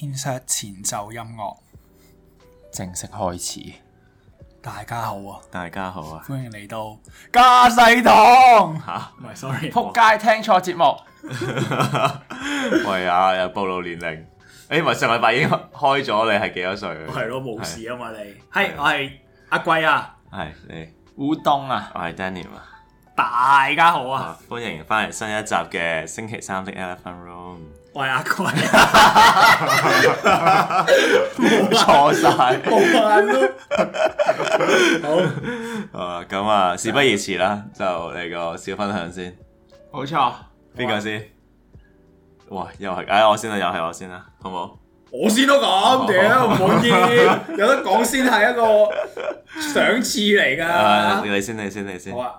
天上前奏音樂，正式開始。大家好啊！大家好啊！歡迎嚟到家世堂。吓、啊，唔係 sorry，撲街，聽錯節目，係 啊又暴露年齡，誒、哎、咪上禮拜已經開咗，你係幾多歲？係咯，冇事啊嘛你，係我係阿貴啊，係你烏冬啊，我係 Denim 啊，大家好啊，啊歡迎翻嚟新，新一集嘅星期三的，的 Elephant Room。 喂阿群，冇錯晒，冇犯咯。好，誒咁啊，事不宜遲啦，就嚟個小分享先。冇錯，邊個先？哇，又係誒，我先啦，又係我先啦，好唔好？我先都咁屌，唔好意思，有得講先係一個賞賜嚟噶。誒，你先，你先，你先。好啊，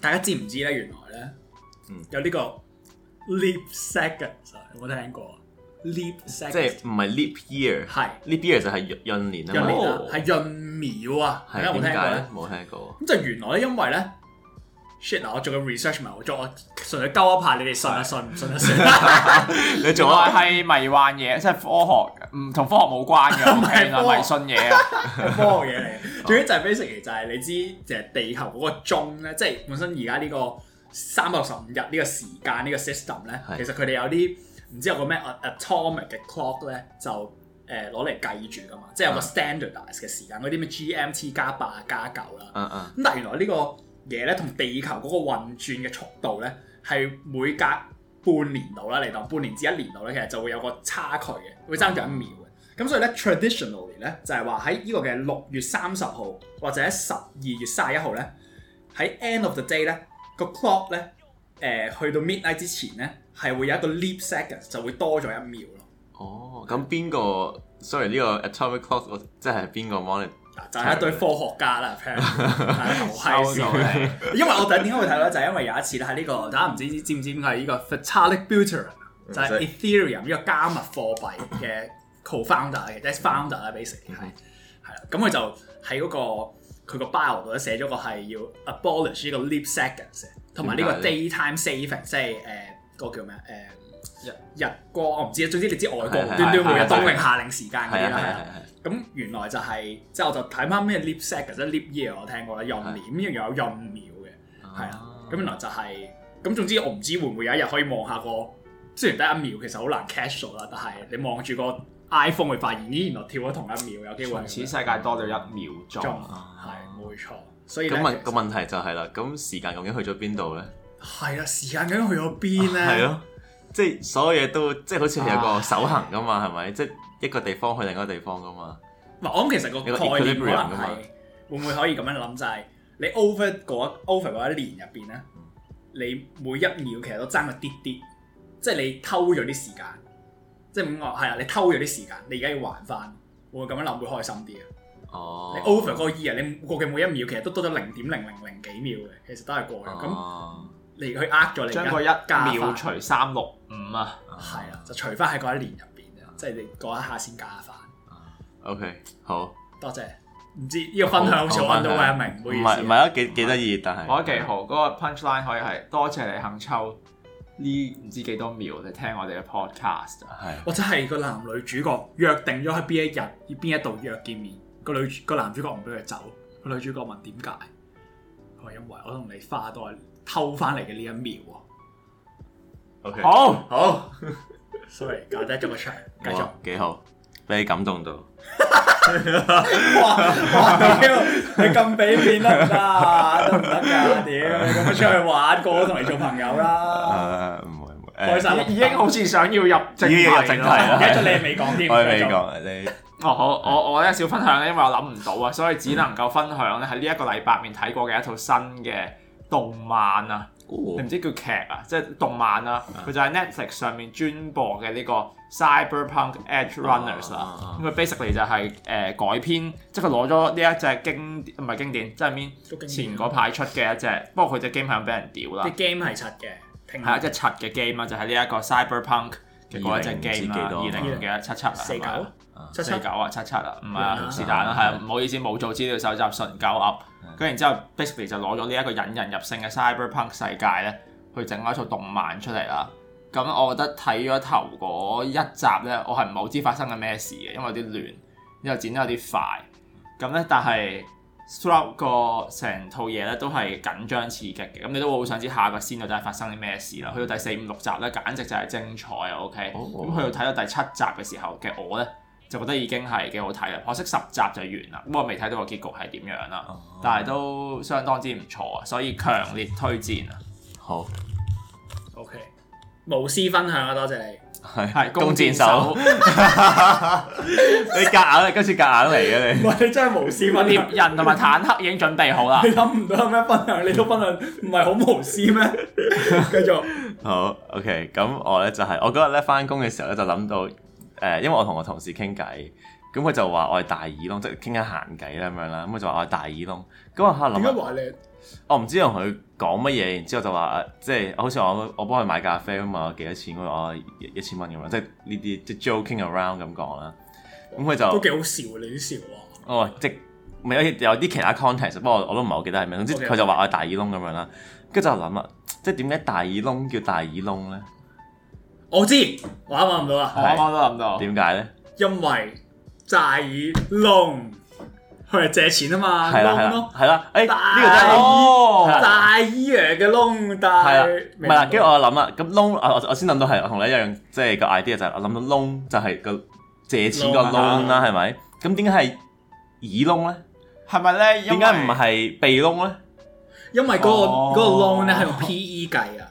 大家知唔知咧？原來咧，有呢個 leap second。我冇聽過，Leap 即係唔係 Leap Year，係 Leap Year 就係閏年啊嘛，係閏秒啊，有冇聽過？冇聽過。咁就原來咧，因為咧，shit 我做緊 research 咪，我做我純粹鳩一排，你哋信一信，唔信啊信。你做一批迷幻嘢，即係科學，唔同科學冇關嘅，唔係迷信嘢啊，科學嘢嚟。最緊就係 basically 嚟，就係你知，就係地球嗰個鐘咧，即係本身而家呢個三百六十五日呢個時間呢個 system 咧，其實佢哋有啲。唔知有個咩 atomic 嘅 clock 咧就誒攞嚟計住噶嘛，即係有個 standardize 嘅時間，嗰啲咩 GMT 加八加九啦。咁、uh, uh, 但原來個呢個嘢咧同地球嗰個運轉嘅速度咧係每隔半年度啦嚟講，到半年至一年度咧其實就會有個差距嘅，會爭咗一秒嘅。咁、uh, 所以咧 traditionally 咧就係話喺呢個嘅六月三十號或者十二月卅一號咧，喺 end of the day 咧個 clock 咧誒、呃、去到 midnight 之前咧。係會有一個 leap seconds 就會多咗一秒咯哦，咁邊個 sorry 呢個 atomic clock 我即係邊個就係一堆科學家啦因為我就係點解會睇到咧就係因為有一次咧係呢個大家唔知知唔知點解係呢個 Vitalik Buterin 就係 ethereum 呢個加密貨幣嘅 co founder 嘅即 founder 啦 basic 係係啦，咁佢就喺個佢個 bio 度咧寫咗個係要 abolish 呢個 leap seconds 同埋呢個 daylight saving 即係誒個叫咩？誒、嗯、日日光我唔知，總之你知外國斷斷每日冬令夏令時間啲啦。咁原來就係、是，即係我就睇翻咩 leap second leap year 我聽過啦，閏年又對有閏秒嘅，係對啊。咁原來就係、是，咁總之我唔知會唔會有一日可以望下個，雖然得一秒，其實好難 catch 咗啦。但係你望住個 iPhone，會發現咦原來跳咗同一秒，有機會有。此世界多咗一秒鐘，係冇、啊、錯。啊啊、所以咁問個問題就係、是、啦，咁時間究竟去咗邊度咧？係啦、啊，時間究竟去咗邊咧？係咯、 啊啊，即係所有嘢都即係好似有個守恆噶嘛，係咪、啊啊？即係一個地方去另一個地方噶嘛。我諗其實個概念可能係會唔會可以咁樣諗，就係你 over 嗰 over 一年入邊咧，你每一秒其實都爭個啲啲，即係你偷咗啲時間，即係咁我係啦，你偷咗啲時間，你而家要還翻，會咁樣諗會開心啲啊？哦，oh, 你 over 嗰 year 你過嘅每一秒其實都多咗零點零零零幾秒嘅，其實都係過嘅咁。Oh. 嚟去呃咗你，將個一秒除三六五啊，係啊，就除翻喺嗰一年入邊啊，即係你講一下先加翻。O K，好多謝，唔知呢個分享冇 a n s w e 名，唔好唔係啊，幾幾得意，但係我覺得幾好。嗰個 punchline 可以係多謝你肯抽，呢唔知幾多秒你聽我哋嘅 podcast，係或者係個男女主角約定咗喺邊一日，要邊一度約見面。個女個男主角唔俾佢走，個女主角問點解？佢話因為我同你花多一年。偷翻嚟嘅呢一秒喎，好，好，Sorry，搞低咗個場，繼續，幾好，俾你感動到，哇，屌，你咁俾面得唔得？得唔得噶？屌，你咁樣出去玩過，同你做朋友啦，唔會，唔會，我已已經好似想要入正話正題睇咗你未講添，我未講，你，哦好，我我咧少分享因為我諗唔到啊，所以只能夠分享咧喺呢一個禮拜面睇過嘅一套新嘅動漫啊，你唔知叫劇啊，即係動漫啊，佢就係 Netflix 上面專播嘅呢個 Cyberpunk Edgerunners 啦。咁佢 basically 就係、是、誒、呃、改編，即係佢攞咗呢一隻經唔係經典，即係邊前嗰排出嘅一隻。不過佢隻 game 係咁俾人屌、就是、啦。啲 game 係七嘅，係一隻七嘅 game 啊，就係呢一個 Cyberpunk 嘅嗰一隻 game 二零年幾七七啊嘛。77，七四九啊，七七啊，唔係啊，是但啦，係啊，唔好意思，冇做資料收集，純鳩噏。跟住然之後，Basically 就攞咗呢一個引人入勝嘅 Cyberpunk 世界咧，去整開一套動漫出嚟啦。咁我覺得睇咗頭嗰一集咧，我係唔好知發生緊咩事嘅，因為有啲亂，之後剪得有啲快。咁咧，但係 through 個成套嘢咧都係緊張刺激嘅，咁你都會好想知下個先到底係發生啲咩事啦。去到第四五六集咧，簡直就係精彩啊！OK，咁去到睇到第七集嘅時候嘅我咧。就覺得已經係幾好睇嘅，可惜十集就完啦。咁我未睇到個結局係點樣啦，但係都相當之唔錯啊，所以強烈推薦啊！好，OK，無私分享啊，多謝你係係是弓箭手，你夾硬，你跟住夾硬嚟嘅你，唔係你真係無私分享。人同埋坦克已經準備好啦， 你諗唔到有咩分享，你都分享，唔係好無私咩？ 繼續好，OK，咁我咧就係、是、我嗰日咧翻工嘅時候咧就諗到。誒，因為我同我同事傾偈，咁佢就話我係大耳窿，即係傾下閒偈啦咁樣啦，咁佢就話我係大耳窿，咁我嚇諗點解話你？我唔知同佢講乜嘢，然之後就話誒，即係好似我我幫佢買咖啡咁啊，幾多錢？我話一一千蚊咁樣，即係呢啲即係 joking around 咁講啦。咁佢就都幾好笑，你啲笑啊！哦，即係有啲其他 context？不過我都唔係好記得係咩，總之佢就話我係大耳窿咁樣啦，跟住就諗啊，即係點解大耳窿叫大耳窿咧？我知，我都諗唔到啦。我都諗唔到。點解咧？因為大耳窿，佢係借錢啊嘛。係啦係啦。係啦。誒，大耳大耳嘅窿，但係啦。唔係啦，跟住我諗啦，咁窿我先諗到係我同你一樣，即係個 idea 就係我諗到窿就係個借錢個窿啦，係咪？咁點解係耳窿咧？係咪咧？點解唔係鼻窿咧？因為嗰個窿咧係用 PE 計啊。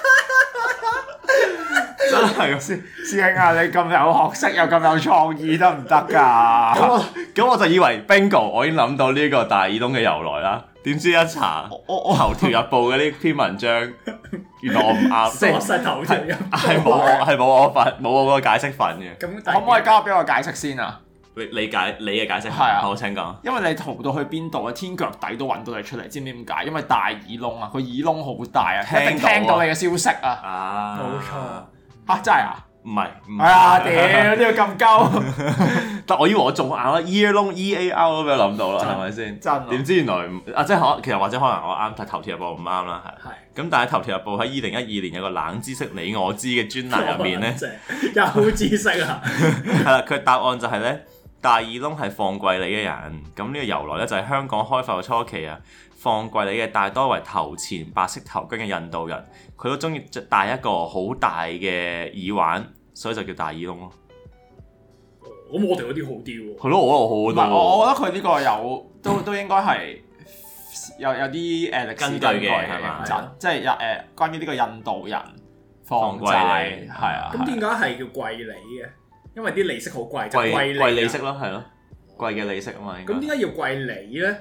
真係師師兄啊！你咁有學識又咁有創意得唔得噶？咁我就以為 Bingo，我已經諗到呢個大耳窿嘅由來啦。點知一查，我我頭條日報嘅呢篇文章，原來我唔啱。我失頭條日報。係冇係冇我份冇我個解釋份嘅。咁可唔可以交俾我解釋先啊？你你解你嘅解釋係啊？我請講。因為你逃到去邊度啊？天腳底都揾到你出嚟，知唔知點解？因為大耳窿啊，個耳窿好大啊，一定聽到你嘅消息啊。冇錯。啊真係啊，唔係，係啊，屌呢、嗯、個咁鳩， 但我以為我仲硬啦，ear 窿 ear 都俾我諗到啦，係咪先？吧真，點知原來啊，即係可其實或者可能我啱，睇係頭條日報唔啱啦，係。 係。咁但係頭條日報喺二零一二年有個冷知識你我知嘅專欄入面咧， 有知識啊。係啦，佢答案就係咧，大耳窿係放貴利嘅人，咁呢個由來咧就係香港開發嘅初期啊，放貴利嘅大多為頭前白色頭巾嘅印，印度人。佢都中意就戴一個好大嘅耳環，所以就叫大耳窿咯。咁我哋嗰啲好啲喎。係咯，我覺得好啲。唔係，我覺得佢呢個有 都都應該係有有啲誒歷史根據嘅，係嘛吧？即係印誒關於呢個印度人放債係啊。咁點解係叫貴利嘅？因為啲利息好貴，就貴利息咯，係咯、啊，貴嘅利息啊嘛。咁點解要貴利咧？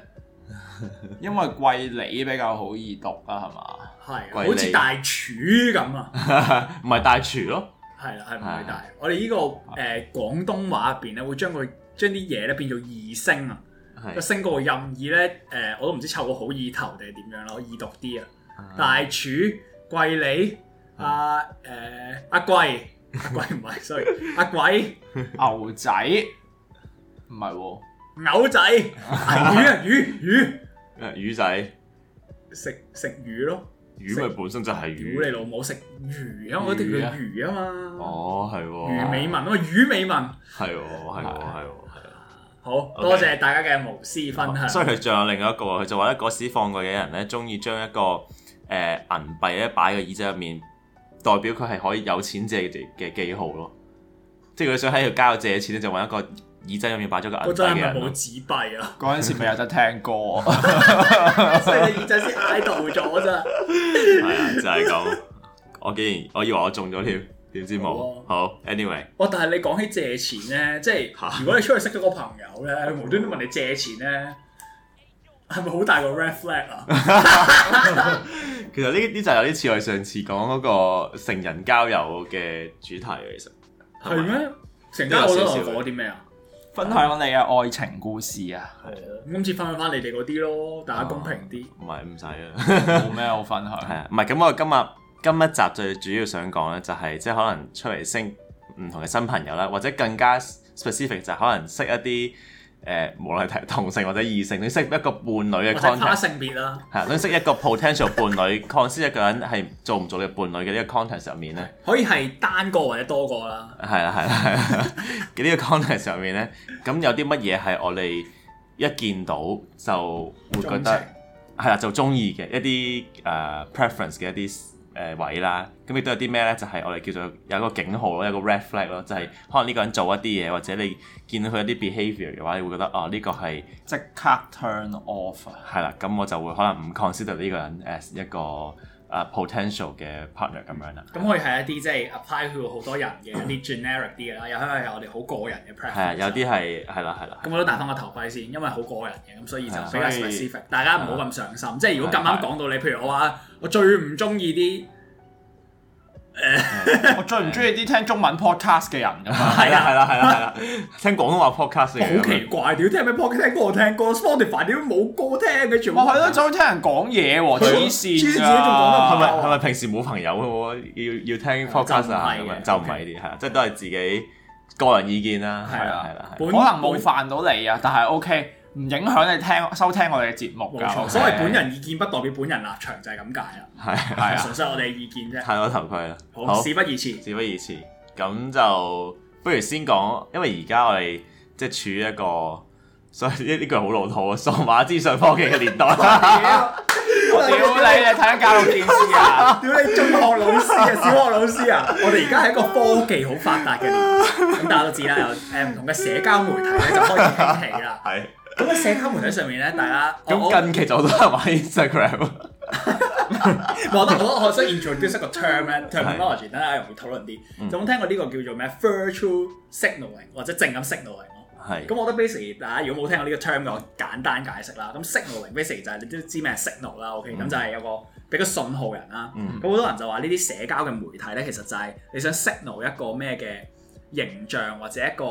因為貴利比較好易讀啊，係嘛？係，好似大廚咁啊！唔係大廚咯，係啦，係唔係大？我哋呢個誒廣東話入邊咧，會將佢將啲嘢咧變做二聲啊，個聲個韻義咧誒，我都唔知湊個好意頭定係點樣啦，我二讀啲啊！大廚、貴你、阿誒阿貴、貴唔係，sorry，阿鬼牛仔唔係喎，牛仔魚啊魚魚誒魚仔食食魚咯～魚咪本身就係魚你老母食魚，魚啊！我一定要魚啊嘛。哦，係喎、啊。魚尾紋啊嘛、哦，魚尾紋。係喎、啊，係喎、啊，係喎、啊。好 Okay. 多謝大家嘅無私分享。哦、所以佢仲有另外一個，佢就話咧，嗰時放過嘅人咧，中意將一個誒、呃、銀幣咧擺個耳仔入面，代表佢係可以有錢借嘅嘅記號咯。即係佢想喺度借錢咧，就揾一個。耳仔入面擺咗個銀紙幣啊！嗰陣時咪有得聽歌，即係耳仔先挨到咗咋，就係咁。我竟然我以為我中咗添，點知冇。好，anyway，哦，但係你講起借錢咧，即係如果你出去識咗個朋友咧，佢無端端問你借錢咧，係咪好大個 red flag 啊？其實呢啲就係有啲似我哋上次講嗰個成人交友嘅主題，其實係咩？成家好多人講啲咩啊？分享我哋嘅愛情故事啊，係啊，咁今次分享翻你哋嗰啲咯，大家公平啲。唔係，唔使啊，冇咩 好分享。係啊，唔係，咁我今日今一集最主要想講咧，就係，就係即係可能出嚟識唔同嘅新朋友啦，或者更加 specific 就可能識一啲。誒、呃，無論係同性或者異性，你識一個伴侶嘅 content，性別啦、啊嗯，係，你識一個 potential 伴侶 concern 一個人係做唔做你伴侶嘅呢個 content 上面咧，可以係單個或者多個啦， 係啦係啦係啦，嘅、這個、呢個 content 上面咧，咁有啲乜嘢係我哋一見到就會覺得係啦情，就中意嘅一啲誒、uh，preference 嘅一啲。誒、呃、位啦，咁亦都有啲咩咧？就係、是、我哋叫做有一個警號咯，有個 red flag 咯，就係、是、可能呢個人做一啲嘢，或者你見到佢一啲 behavior 嘅話，你會覺得哦，呢、這個係即刻 turn off，係啦，咁我就會可能唔 consider 呢、er、個人 as 一個。誒、uh, potential 嘅 partner 咁樣啦，咁可以係一啲即係 apply 佢好多人嘅一啲 generic 啲嘅啦，又可以係我哋好個人嘅 practice。conhe そ う 有啲係係啦係啦。咁我都戴翻個頭盔先，plate toc そ 因為好個人嘅，咁所以就比較 specific。以對啊、大家唔好咁上心。即係如果咁啱講到你，譬如我話我最唔中意啲。我最唔中意啲聽中文 podcast 嘅人噶嘛，係啦係啦係啦係啦，聽廣東話 podcast 好奇怪，屌聽咩 podcast？聽歌我聽歌，Spotify 點冇歌聽嘅，全部。咪係咯，仲要聽人講嘢喎，黐線噶。係咪係咪平時冇朋友嘅？要要聽 podcast 係咁啊，就唔係啲係，即係都係自己個人意見啦。係啦係啦，可能冇犯到你啊，但係 OK。唔影響你聽收聽我哋嘅節目㗎，錯是所謂本人意見不代表本人立場就係咁解啦。係係純粹我哋嘅意見啫。太多頭盔啦，好，好事不宜遲，事不宜遲。咁就不如先講，因為而家我哋即係處於一個，所以呢呢句好老土啊，數碼資訊科技嘅年代啦。屌 你你睇下教育電視啊！屌 你！中學老師嘅、啊、小學老師啊！我哋而家喺一個科技好發達嘅年代，咁大家都知啦。誒唔同嘅社交媒，媒體咧就開始興起啦。係。 咁社交媒體上面咧，大家咁近期就我都係玩 Instagram。 啊、我覺得我我需要 introduce 個 term 咧 terminology 等啲人容易討論啲。嗯、有冇聽過呢個叫做咩？virtual signaling，或者正咁 signaling 咯？係是。咁我覺得，basically 大家如果冇聽過呢個 term 嘅，我簡單解釋啦。咁 signaling basically 就係、是、你都知咩？signal 啦，OK、嗯。咁就係有個比較信號人啦、啊。咁好、嗯、多人就話呢啲社交嘅媒體咧，其實就係你想 signal 一個咩嘅形象，或者一個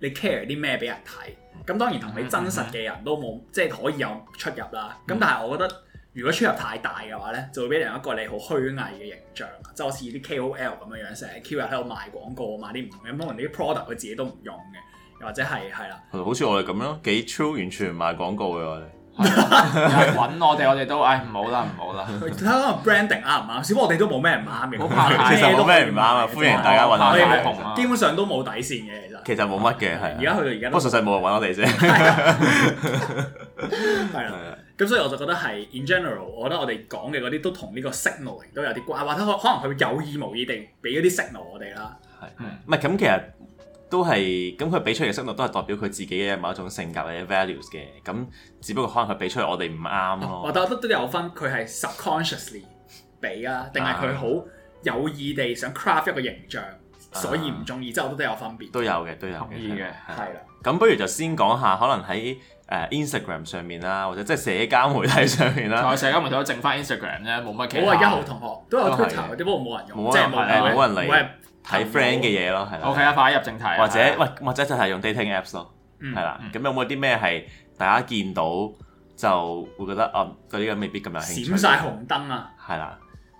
你 care 啲咩俾人睇。咁當然同你真實嘅人都冇，嗯、即係可以有出入啦。咁、嗯、但係我覺得如果出入太大嘅話咧，就會俾人一個你好虛偽嘅形象。即係好似啲 KOL 咁樣樣，成日 keep 喺度賣廣告，賣啲唔同嘅，包括啲 product 佢自己都唔用嘅，又或者係係啦。好似我哋咁咯，幾 true 完全唔賣廣告嘅我哋。搵我哋，我哋都，唉，唔好啦，唔好啦。睇下個 branding 啱唔啱？小波我哋都冇咩唔啱嘅，冇怕太咩唔啱啊！歡迎大家揾我哋，基本上都冇底線嘅，其實其實冇乜嘅，係。而家去到而家，不過實在冇人揾我哋啫。係啦，咁所以我就覺得係 in general，我覺得我哋講嘅嗰啲都同呢個 signal 都有啲關，或者可能佢有意無意地俾一啲 signal 我哋啦。係，唔係咁其實。都係咁，佢俾出嚟嘅 signal 都係代表佢自己嘅某一種性格或者 values 嘅，咁只不過可能佢俾出嚟我哋唔啱咯。我覺得都有分，佢係 subconsciously 俾啊，定係佢好有意地想 craft 一個形象，所以唔鍾意。即係我覺得有分別。都有嘅，都有嘅，同意嘅。係啦。咁不如就先講下，可能喺誒 Instagram 上面啦，或者即係社交媒體上面啦。我社交媒體淨翻 Instagram 啫，冇乜其他。我係一號同學，都有 Twitter 嗰啲，不過冇人用，即係冇人嚟。睇 friend 嘅嘢咯，係啦。O K 啊，快啲入正題。或者喂，或者就係用 dating apps 咯，係啦。咁有冇啲咩係大家見到就會覺得啊，對呢個未必咁有興趣？閃曬紅燈啊！係啦，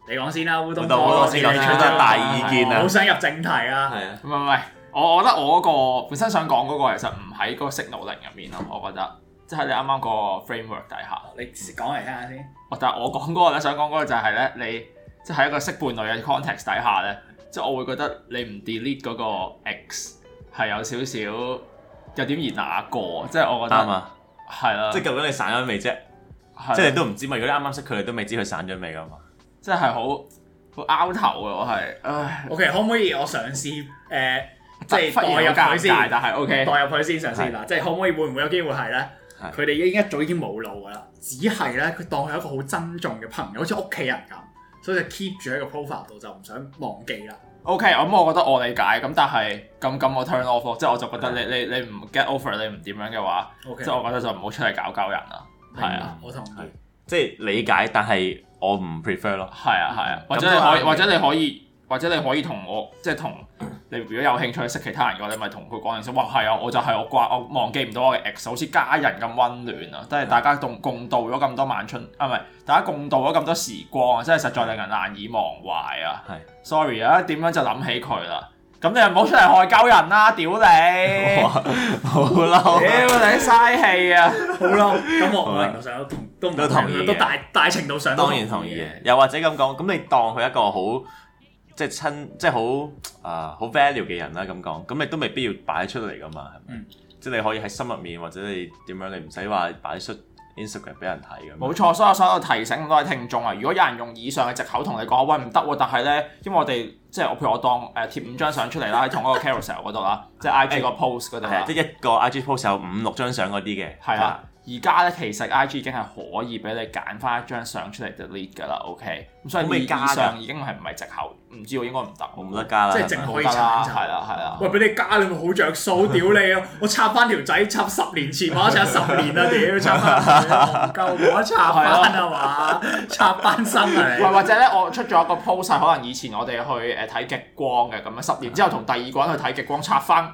你講先啦，烏冬哥，你真大意見啊！好想入正題啊！係啊，唔係唔係，我覺得我嗰個本身想講嗰個其實唔喺嗰個識努力入面咯，我覺得，即係你啱啱個 framework 底下，你講嚟聽下先。我但係我講嗰個咧，想講嗰個就係咧，你即係喺一個識伴侶嘅 context 底下咧。即係我會覺得你唔 delete 嗰個 X 係有少少有點而那個，即係我覺得。啱啊了，係啦的。即係究竟你散咗未啫？的即係你都唔知嘛，如果你啱啱識佢，你都未知佢散咗未噶嘛？即係好好拗頭啊！我係，唉，OK，可唔可以我嘗試誒、呃，即係代入佢先？我但係 OK，代入去先，先嘗試嗱，的即係可唔可以會唔會有機會係咧？佢哋的已經一早已經冇路噶啦，只係咧佢當係一個好珍重嘅朋友，好似屋企人咁。所以就 keep 住喺個 profile 度就唔想忘記啦。OK，咁我覺得我理解，咁但係咁咁我 turn off 咯，即係我就覺得你 Yeah. 你你唔 get over 你唔點樣嘅話，即係我覺得就唔好出嚟搞搞人啦。係啊，我同意。即係理解，但係我唔 prefer 咯。係啊係啊，或者你可以，或者你可以或者你可以同我即係、就是、同。你如果有興趣識其他人嘅，你咪同佢講先。哇，係啊，我就係、是、我掛，我忘記唔到我嘅 ex 好似家人咁溫暖啊！即係大家共共度咗咁多晚春，啊唔係，大家共度咗咁多，多時光啊，真係實在令人難以忘懷啊！係是，sorry 啊，點樣就諗起佢啦？咁你又唔好出嚟害鳩人啦，屌你！好嬲， 屌你嘥氣啊！好嬲吧。咁我唔能夠同都唔同意，都，同意都大大程度上當然同意嘅。又或者咁講，咁你當佢一個好。即係親，即係好、呃、啊，好 value 嘅人啦，咁講，咁你都未必要擺出嚟㗎嘛，係咪？嗯、即係你可以喺心入面或者你點樣，你唔使話擺出 Instagram 俾人睇咁。冇錯，所以所以我想提醒咁多位聽眾啊，如果有人用以上嘅藉口同你講，喂唔得、啊，但係咧，因為我哋即係我譬如我當誒、呃、貼五張相出嚟啦，喺 同一個 Carousel 嗰度啦，即係 IG 個 post 嗰度、欸啊，即係一個 IG post 有五六張相嗰啲嘅。係啊，而家咧其實 IG 已經係可以俾你揀翻一張相出嚟 delete 㗎啦，OK。所以加上已經係唔係藉口，唔知喎應該唔得，我唔得加啦，即係淨可以插一插，係啦係啦。喂，俾你加你咪好着數，屌你啊！我插翻條仔插十年前，我插十年啦，屌插翻 夠唔夠插翻啊嘛？ 插翻新嚟。 或者咧我出咗一個 post，可能以前我哋去誒睇極光嘅咁啊，十年之後同第二個人去睇極光，插翻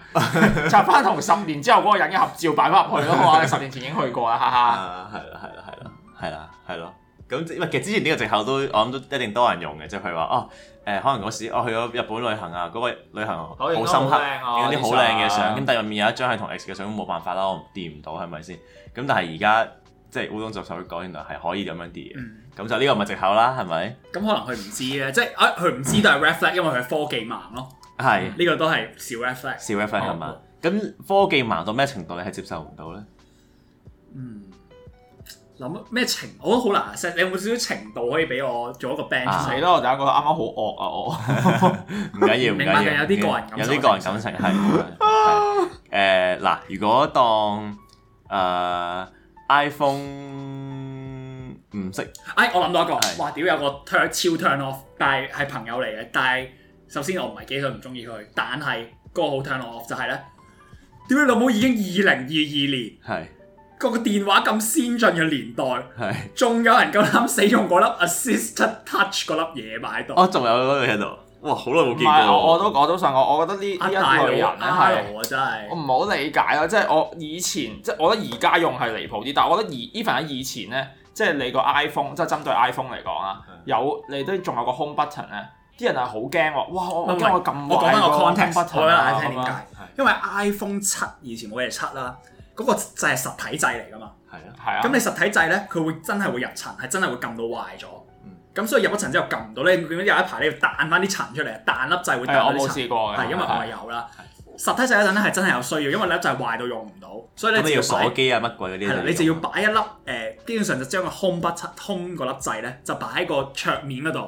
插翻同十年之後嗰個人嘅合照擺翻入去咯，我十年前已經去過啊，哈哈。係啦係啦係啦係咯。咁，因其實之前呢個藉口都，我諗都一定多人用嘅，就係、是、話哦，誒、呃，可能嗰時我去咗日本旅行啊，嗰、那個旅行好深刻，有啲、啊、好靚嘅相，咁、啊、但入面有一張係同 X 嘅相，冇辦法啦，我掂唔到，係咪先？咁但係而家即係烏冬助手會講，原來係可以咁樣疊嘅，咁、嗯、就呢個咪藉口啦，係咪？咁、嗯、可能佢唔知咧，即係啊，佢唔知都係 red flag，因為佢科技盲咯。係、 啊，呢個都係小 red flag。少 red flag 係嘛？咁、嗯哦、科技盲到咩程度，你係接受唔到咧？嗯。諗咩情？我都好難。set 你有冇少少程度可以俾我做一個 band？出嚟咯，我大家覺得啱啱好惡啊！我唔緊要，唔緊要， 了有啲個人感情，有啲個人感情係。誒嗱、 欸，如果當誒、呃、iPhone 唔識，哎，我諗到一個。是哇！屌有個 turn 超 turn off，但係係朋友嚟嘅。但係首先我唔係幾想唔中意佢，但係、個好 turn off 就係咧，屌你老母已經二零二二年係。是個個電話咁先進嘅年代，係仲有人夠膽使用嗰粒 AssistiveTouch 嗰粒嘢擺喺度？哦、啊，仲有嗰個喺度。哇，好耐冇見。唔我我都講到信我，我覺得呢呢、啊、一類人咧係，我真係我唔好理解咯。即係我以前，即係我覺得而家用係離譜啲，但係我覺得而 even 喺以前咧，即係你個 iPhone，即係針對 iPhone 嚟講啊，有你都仲有個 Home Button 咧，啲人係好驚話，哇！我驚我咁，我講翻個 context 我講下聽點解。因為 iPhone 七以前冇嘢七啦。嗰個就係實體掣嚟噶嘛，係啊，係啊。咁你實體掣咧，佢會真係會入塵，係真係會撳到壞咗。咁、嗯、所以入咗塵之後撳唔到咧，點解有一排咧彈翻啲塵出嚟，彈粒掣會彈啲、哎、塵。係我係因為我有啦。實體掣嗰陣咧係真係有需要，因為咧就係壞到用唔到，所以咧要，要鎖機啊乜鬼嗰啲。係，你就要擺一粒誒、呃，基本上就將個 home button，home 嗰粒掣咧就擺喺個桌面嗰度，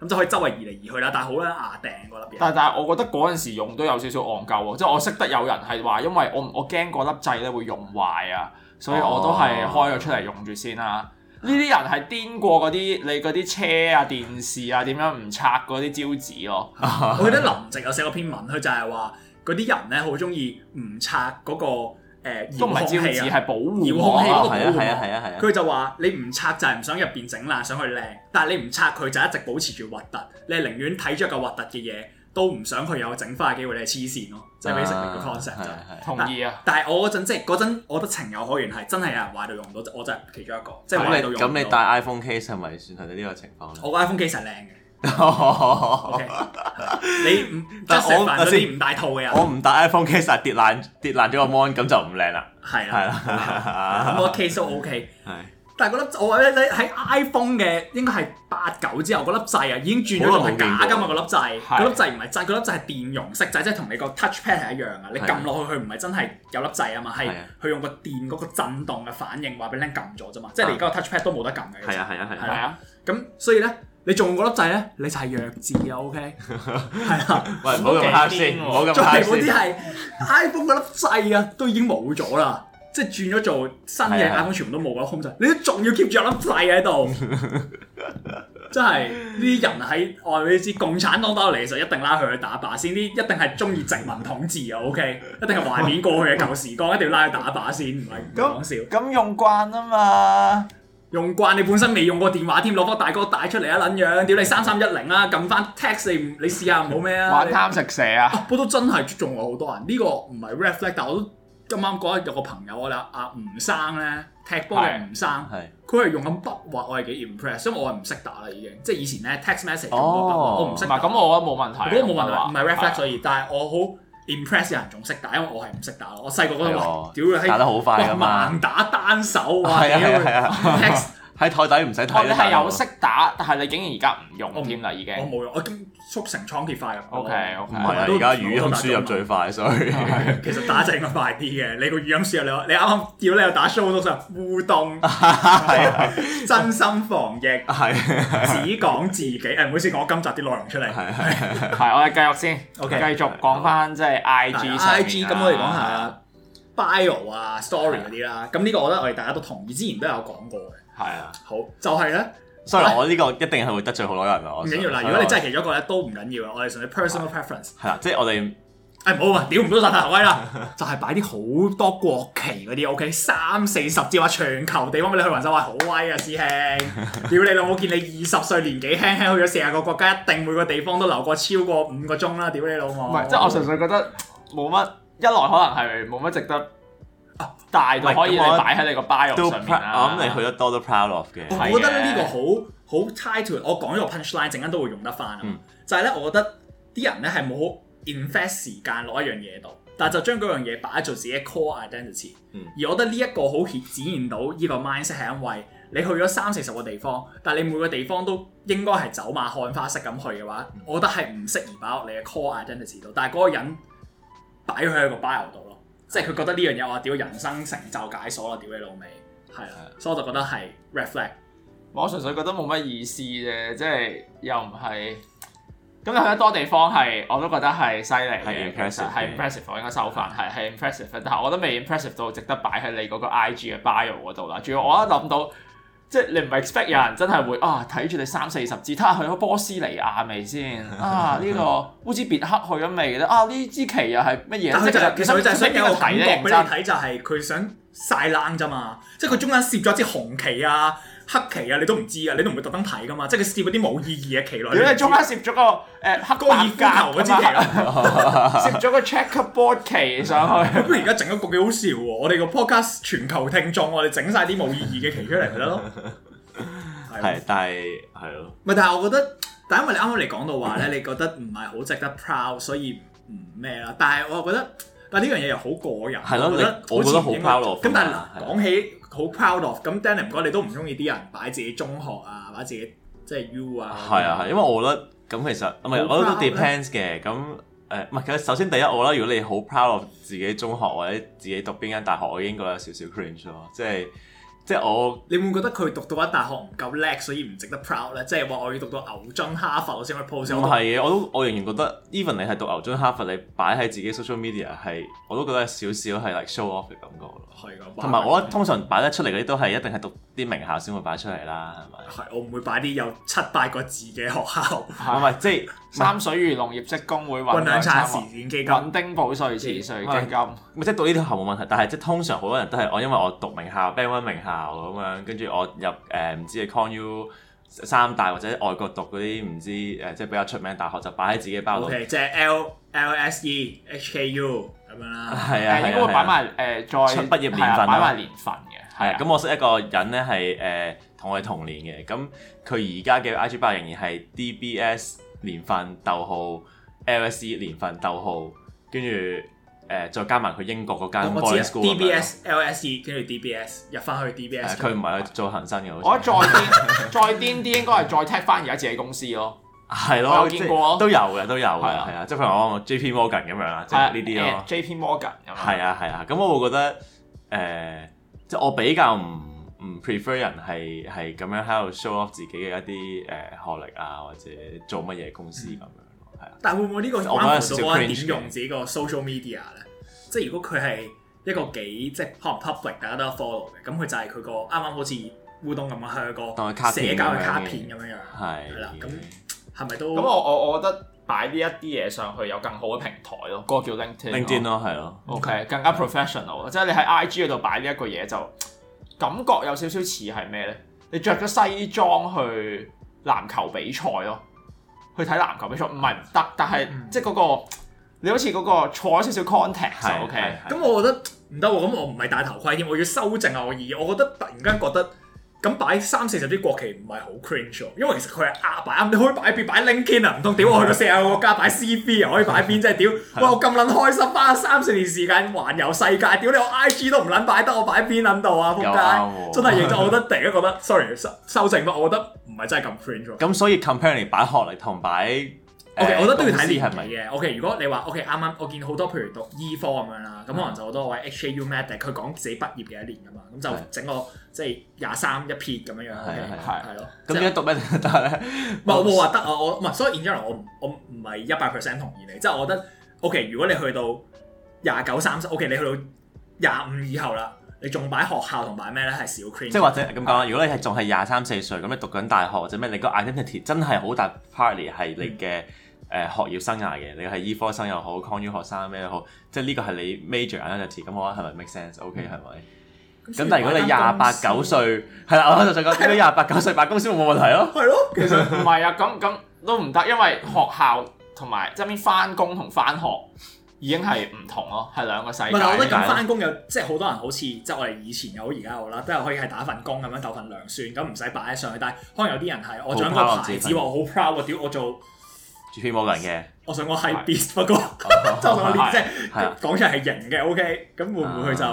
咁的就可以周圍移嚟移去啦。但係好咧，牙釘個粒。但但係，我覺得嗰陣時用都有少少戇鳩喎，即、就、係、是、我識得有人係話，因為我我驚嗰粒掣咧會用壞啊，所以我都係開咗出嚟用住先啦。呢啲、哦、人係癲過嗰啲你嗰啲車啊、電視啊點樣唔拆嗰啲招紙咯、啊。 我記得林夕有寫過篇文，佢就係話。嗰啲人咧好中意唔拆嗰個誒遙控器啊，遙控器嗰個保護啊，係啊係啊係啊！佢就話你唔拆就係唔想入邊整爛，想去靚，但係你唔拆佢就一直保持住核突，你係寧願睇住一個核突嘅嘢，都唔想佢有整翻嘅機會，你係黐線咯，即係俾食力個 concept 同意啊！但係我嗰陣即係嗰陣我覺得情有可原係真係有人，壞到用唔到，我就係其中一個，即係壞到用唔到。咁你帶 iPhone case 係咪算係呢個情況咧？我 iPhone case 係靚嘅。你唔，但係我先唔帶套嘅人，我唔帶 iPhone case 跌爛跌爛咗個 mon，咁就唔靚啦。係啦，咁我 case 都 OK。係，但係嗰粒我喺 iPhone 嘅應該係八九之後嗰粒掣啊，已經轉咗做係假㗎嘛。嗰粒掣，嗰粒掣唔係掣，嗰粒掣係電容式掣，即係同你個 touchpad 係一樣啊。你撳落去，佢唔係真係有粒掣啊嘛，係佢用個電嗰個震動嘅反應話俾你撳咗啫嘛。即係你而家個 touchpad 都冇得撳嘅。係啊係啊係啊，係啊？咁所以咧。你仲嗰粒掣咧？你就係弱智啊！OK，係啦， 唔好咁黑先，唔好咁嗰啲係 iPhone 嗰粒掣啊，都已經冇咗啦，即係轉咗做新嘅 iPhone， 全部都冇咗空掣。你都仲要 keep 住有粒掣喺度， 真係呢啲人喺外，你知共產黨返嚟就一定拉佢去打靶先，啲一定係中意殖民統治啊！OK， 一定係懷念過去嘅舊時光， 一定要拉佢打靶先，唔係講笑。咁用慣啊嘛～用慣你本身未用過電話添，攞個大哥帶出嚟啊撚樣！屌你三三一零啊，撳翻 text 唔，你試下唔好咩啊！玩你貪食蛇啊！波、啊、都真係捉中我好多人，呢、這個唔係 red flag，但我都今晚嗰日有個朋友啊，啦，阿吳生咧，踢波嘅吳生，佢係是用緊筆畫，我係幾 impress，所以我係唔識打啦已經，即係以前咧 text message 用波、哦、筆畫，我唔識。唔咁，我覺得冇問題。我都冇問題，唔係 red flag 所以，是但係我好。Impress 有人仲識打，因為我係唔識打咯。我細個嗰陣話，屌你的，哇打得好快啊嘛！盲打單手，哇喺台底唔使睇，你係有識打，但係你竟然而家唔用添啦，已經。我冇用，我已經速成倉頡快啦。O K，唔係而家語音輸入最快，所以其實打字應該快啲嘅。你個語音輸入你，你啱啱如果你有打 show notes 互動，係真心防疫係，只講自己誒，唔好意思，講今集啲內容出嚟。係我哋繼續先，O K，繼續講翻即係 I G I G 咁我哋講下 bio 啊 story 嗰啲啦。咁呢個我覺得我哋大家都同意，之前都有講過係啊，好就係咧，所以我呢個一定係會得罪好多人啊。唔緊要啦，如果你真係其中一個咧，都唔緊要啊。我哋純粹 personal preference。係啦，即係我哋，唔好啊，屌唔到神頭威啦，就係擺啲好多國旗嗰啲，OK，三四十至話全球地方，畀你去雲州話好威啊師兄，屌你老母！見你二十歲年紀輕輕去咗四十個國家，一定每個地方都留過超過五個鐘啦，屌你老母！唔係，即係我純粹覺得冇乜，一來可能係冇乜值得。大都可以擺喺你個 bio 度面，我諗你去得多都 proud of 嘅。我覺得呢個好好 title，我講咗個 punchline，陣間都會用得翻。嗯，就係咧，我覺得啲人咧係冇 invest 時間攞一樣嘢度，但就將嗰樣嘢擺做自己 core identity。嗯，而我覺得呢一個好展現到呢個 mindset 係因為你去咗三四十個地方，但你每個地方都應該係走馬看花式咁去嘅話，我覺得係唔適宜擺落你嘅 core identity 度，但係嗰個人擺喺個 bio 度。即係佢覺得呢樣嘢話屌人生成就解鎖啦，屌你老味，係 啊，所以我就覺得係 red flag。我純粹覺得冇乜意思啫，即係又唔係。咁有好多地方係我都覺得係犀利嘅，其實係 impressive，我應該收翻係係 Yeah. impressive，但係我都未 impressive 到值得擺喺你嗰個 IG 嘅 bio 嗰度啦。仲要我一諗到。Mm hmm. 即係你唔係 expect 有人真係會啊睇住你三四十字，睇下去咗波斯尼亞未先啊？呢、 啊呢個烏茲別克去咗未咧？啊呢支旗又係乜嘢？但係佢就係、是其係想俾個有我感覺俾真你睇，就係佢想晒冷啫嘛。即係佢中間攝咗支紅旗啊！黑棋啊，你都唔知啊，你都唔會特登睇㗎嘛，即係佢攝嗰啲冇意義嘅棋落嚟。如果你中間攝咗個誒、呃、黑哥二格嗰支棋，攝咗 個 checkboard、er、棋上去。咁而家整一個幾好笑喎！我哋個 podcast 全球聽眾，我哋整晒啲冇意義嘅棋出嚟，咪得咯。係，但係係咯。唔，但係我覺得，但係因為你啱啱嚟講到話咧， 你覺得唔係好值得 proud，所以唔咩啦。但係我又覺得，但係呢樣嘢又好個人。係咯的，我覺得好似好咁但係講起。 好 proud of 咁 Danny，唔該，你都唔中意啲人擺自己中學啊，擺自己即係 you 啊？係啊係，因為我覺得咁其實，唔係，我覺得都 depends 嘅。咁誒，唔係，其實首先第一，我啦，如果你好 proud of 自己中學或者自己讀邊間大學，我已經覺得有少少 cringe 咯。即係即係我，你會唔會覺得佢讀到間大學唔夠叻，所以唔值得 proud 咧？即係話我要讀到牛津哈佛我先可以 pose。唔係嘅，我都我仍然覺得，even 你係讀牛津哈佛，你擺喺自己 social media 係，我都覺得少少係 like show off 嘅感同埋我覺得通常擺得出嚟嗰啲都係一定係讀啲名校先會擺出嚟啦，係咪？係，我唔會擺啲有七百個字嘅學校。 唔係，即係三水漁農業職工會運量差事險基金、韻丁保歲持歲基金。即係讀呢啲校冇問題，但係即係通常好多人都係我因為我讀名校，band one 名校咁樣，跟住我入誒唔、呃、知係 Con U 三大或者外國讀嗰啲唔知誒即係比較出名大學就擺喺自己包度。O K，即係 L L S E H K U。咁樣啦，係啊，應該擺埋誒再，出畢業年份，擺埋年份嘅。係啊，咁我識一個人咧，係誒同我係同年嘅，咁佢而家嘅 I G bio 仍然係 D B S 年份，逗號 L S E 年份，逗號跟住誒再加埋佢英國嗰間。我知 D B S L S E 跟住 D B S 入翻去 D B S。佢唔係去做恒生嘅，好似。我再再癲啲，應該係再 t a k 翻而家自己公司咯。係咯，都有嘅，都有嘅，係啊，即係譬如我 J.P.Morgan 咁樣啊，即係呢啲咯。J.P.Morgan 咁樣。係啊係啊，咁我會覺得誒，即係我比較唔唔 prefer 人係係咁樣喺度 show off 自己嘅一啲誒學歷啊，或者做乜嘢公司咁樣。係啊。但會唔會呢個關乎到點用自己個 social media 咧？即係如果佢係一個幾即係可能 public 大家都 follow 嘅，咁佢就係佢個啱啱好似烏冬咁嘅佢個社交嘅卡片咁樣樣。係。係啦，咁。係咪都？咁我我我覺得擺呢一啲嘢上去有更好嘅平台咯，嗰個叫 LinkedIn。LinkedIn 咯，係咯。OK，更加 professional。即係你喺 IG 嗰度擺呢一個嘢，就感覺有少少似係咩咧？你着咗西裝去籃球比賽咯，去睇籃球比賽唔係唔得，但係即係嗰個你好似嗰個錯咗少少 context。OK，咁我覺得唔得喎，咁我唔係戴頭盔添，我要修正下我而，我覺得突然間覺得。咁擺三四十啲國旗唔係好 cringe 喎，因為其實佢係啊，擺你可以擺邊，擺 LinkedIn 啊，唔通屌我去到四十個國家擺 CV 啊，可以擺邊？真係屌！哇，我咁撚開心，花三四年時間環遊世界，屌你我 IG 都唔撚擺得，我擺邊撚到啊！撲街，真係認真，我覺得突然間覺得，sorry，收收成翻，我覺得唔係真係咁 cringe 喎。咁所以 compare 你擺學歷同擺。O K，我覺得都要睇年嘅，係咪？O K，如果你話 O K 啱啱，我見好多譬如讀醫科咁樣啦，咁可能就好多位 HKU Med，佢講自己畢業嘅一年噶嘛，咁就整個即係廿三一撇咁樣樣。係咯，咁而家讀咩？得咧？唔會話得啊，我唔係。所以 in general，我我唔係一百 percent 同意你。即係我覺得 O K，如果你去到廿九三十，O K，你去到廿五以後啦，你仲擺學校同擺咩咧？係小 cringe。即係或者係咁講，如果你係仲係廿三四歲咁，你讀緊大學或者咩，你個 identity 真係好大 partly 係你嘅。誒學業生涯嘅，你係醫科生又好，康院學生咩都好，即係呢個係你 major identity 咁我話係咪 make sense？OK、okay, 係咪？咁但係如果你廿八九歲，係啦、啊，我就想講呢啲廿八九歲，辦公先冇問題咯、啊。係咯，其實唔係啊，咁咁都唔得，因為學校同埋即係邊翻工同翻學已經係唔同咯，係 兩個世界。唔我覺得咁翻工有即係好多人好似即係我哋以前又好而家好啦，都係可以係打份工咁樣鬥份糧算，咁唔使擺上去。但係可能有啲人係我做一個牌子，我好 proud，屌我做。 照片冇個人嘅，我想講 High Beast 不過，即我連即講出嚟係型嘅，OK，咁會唔會佢就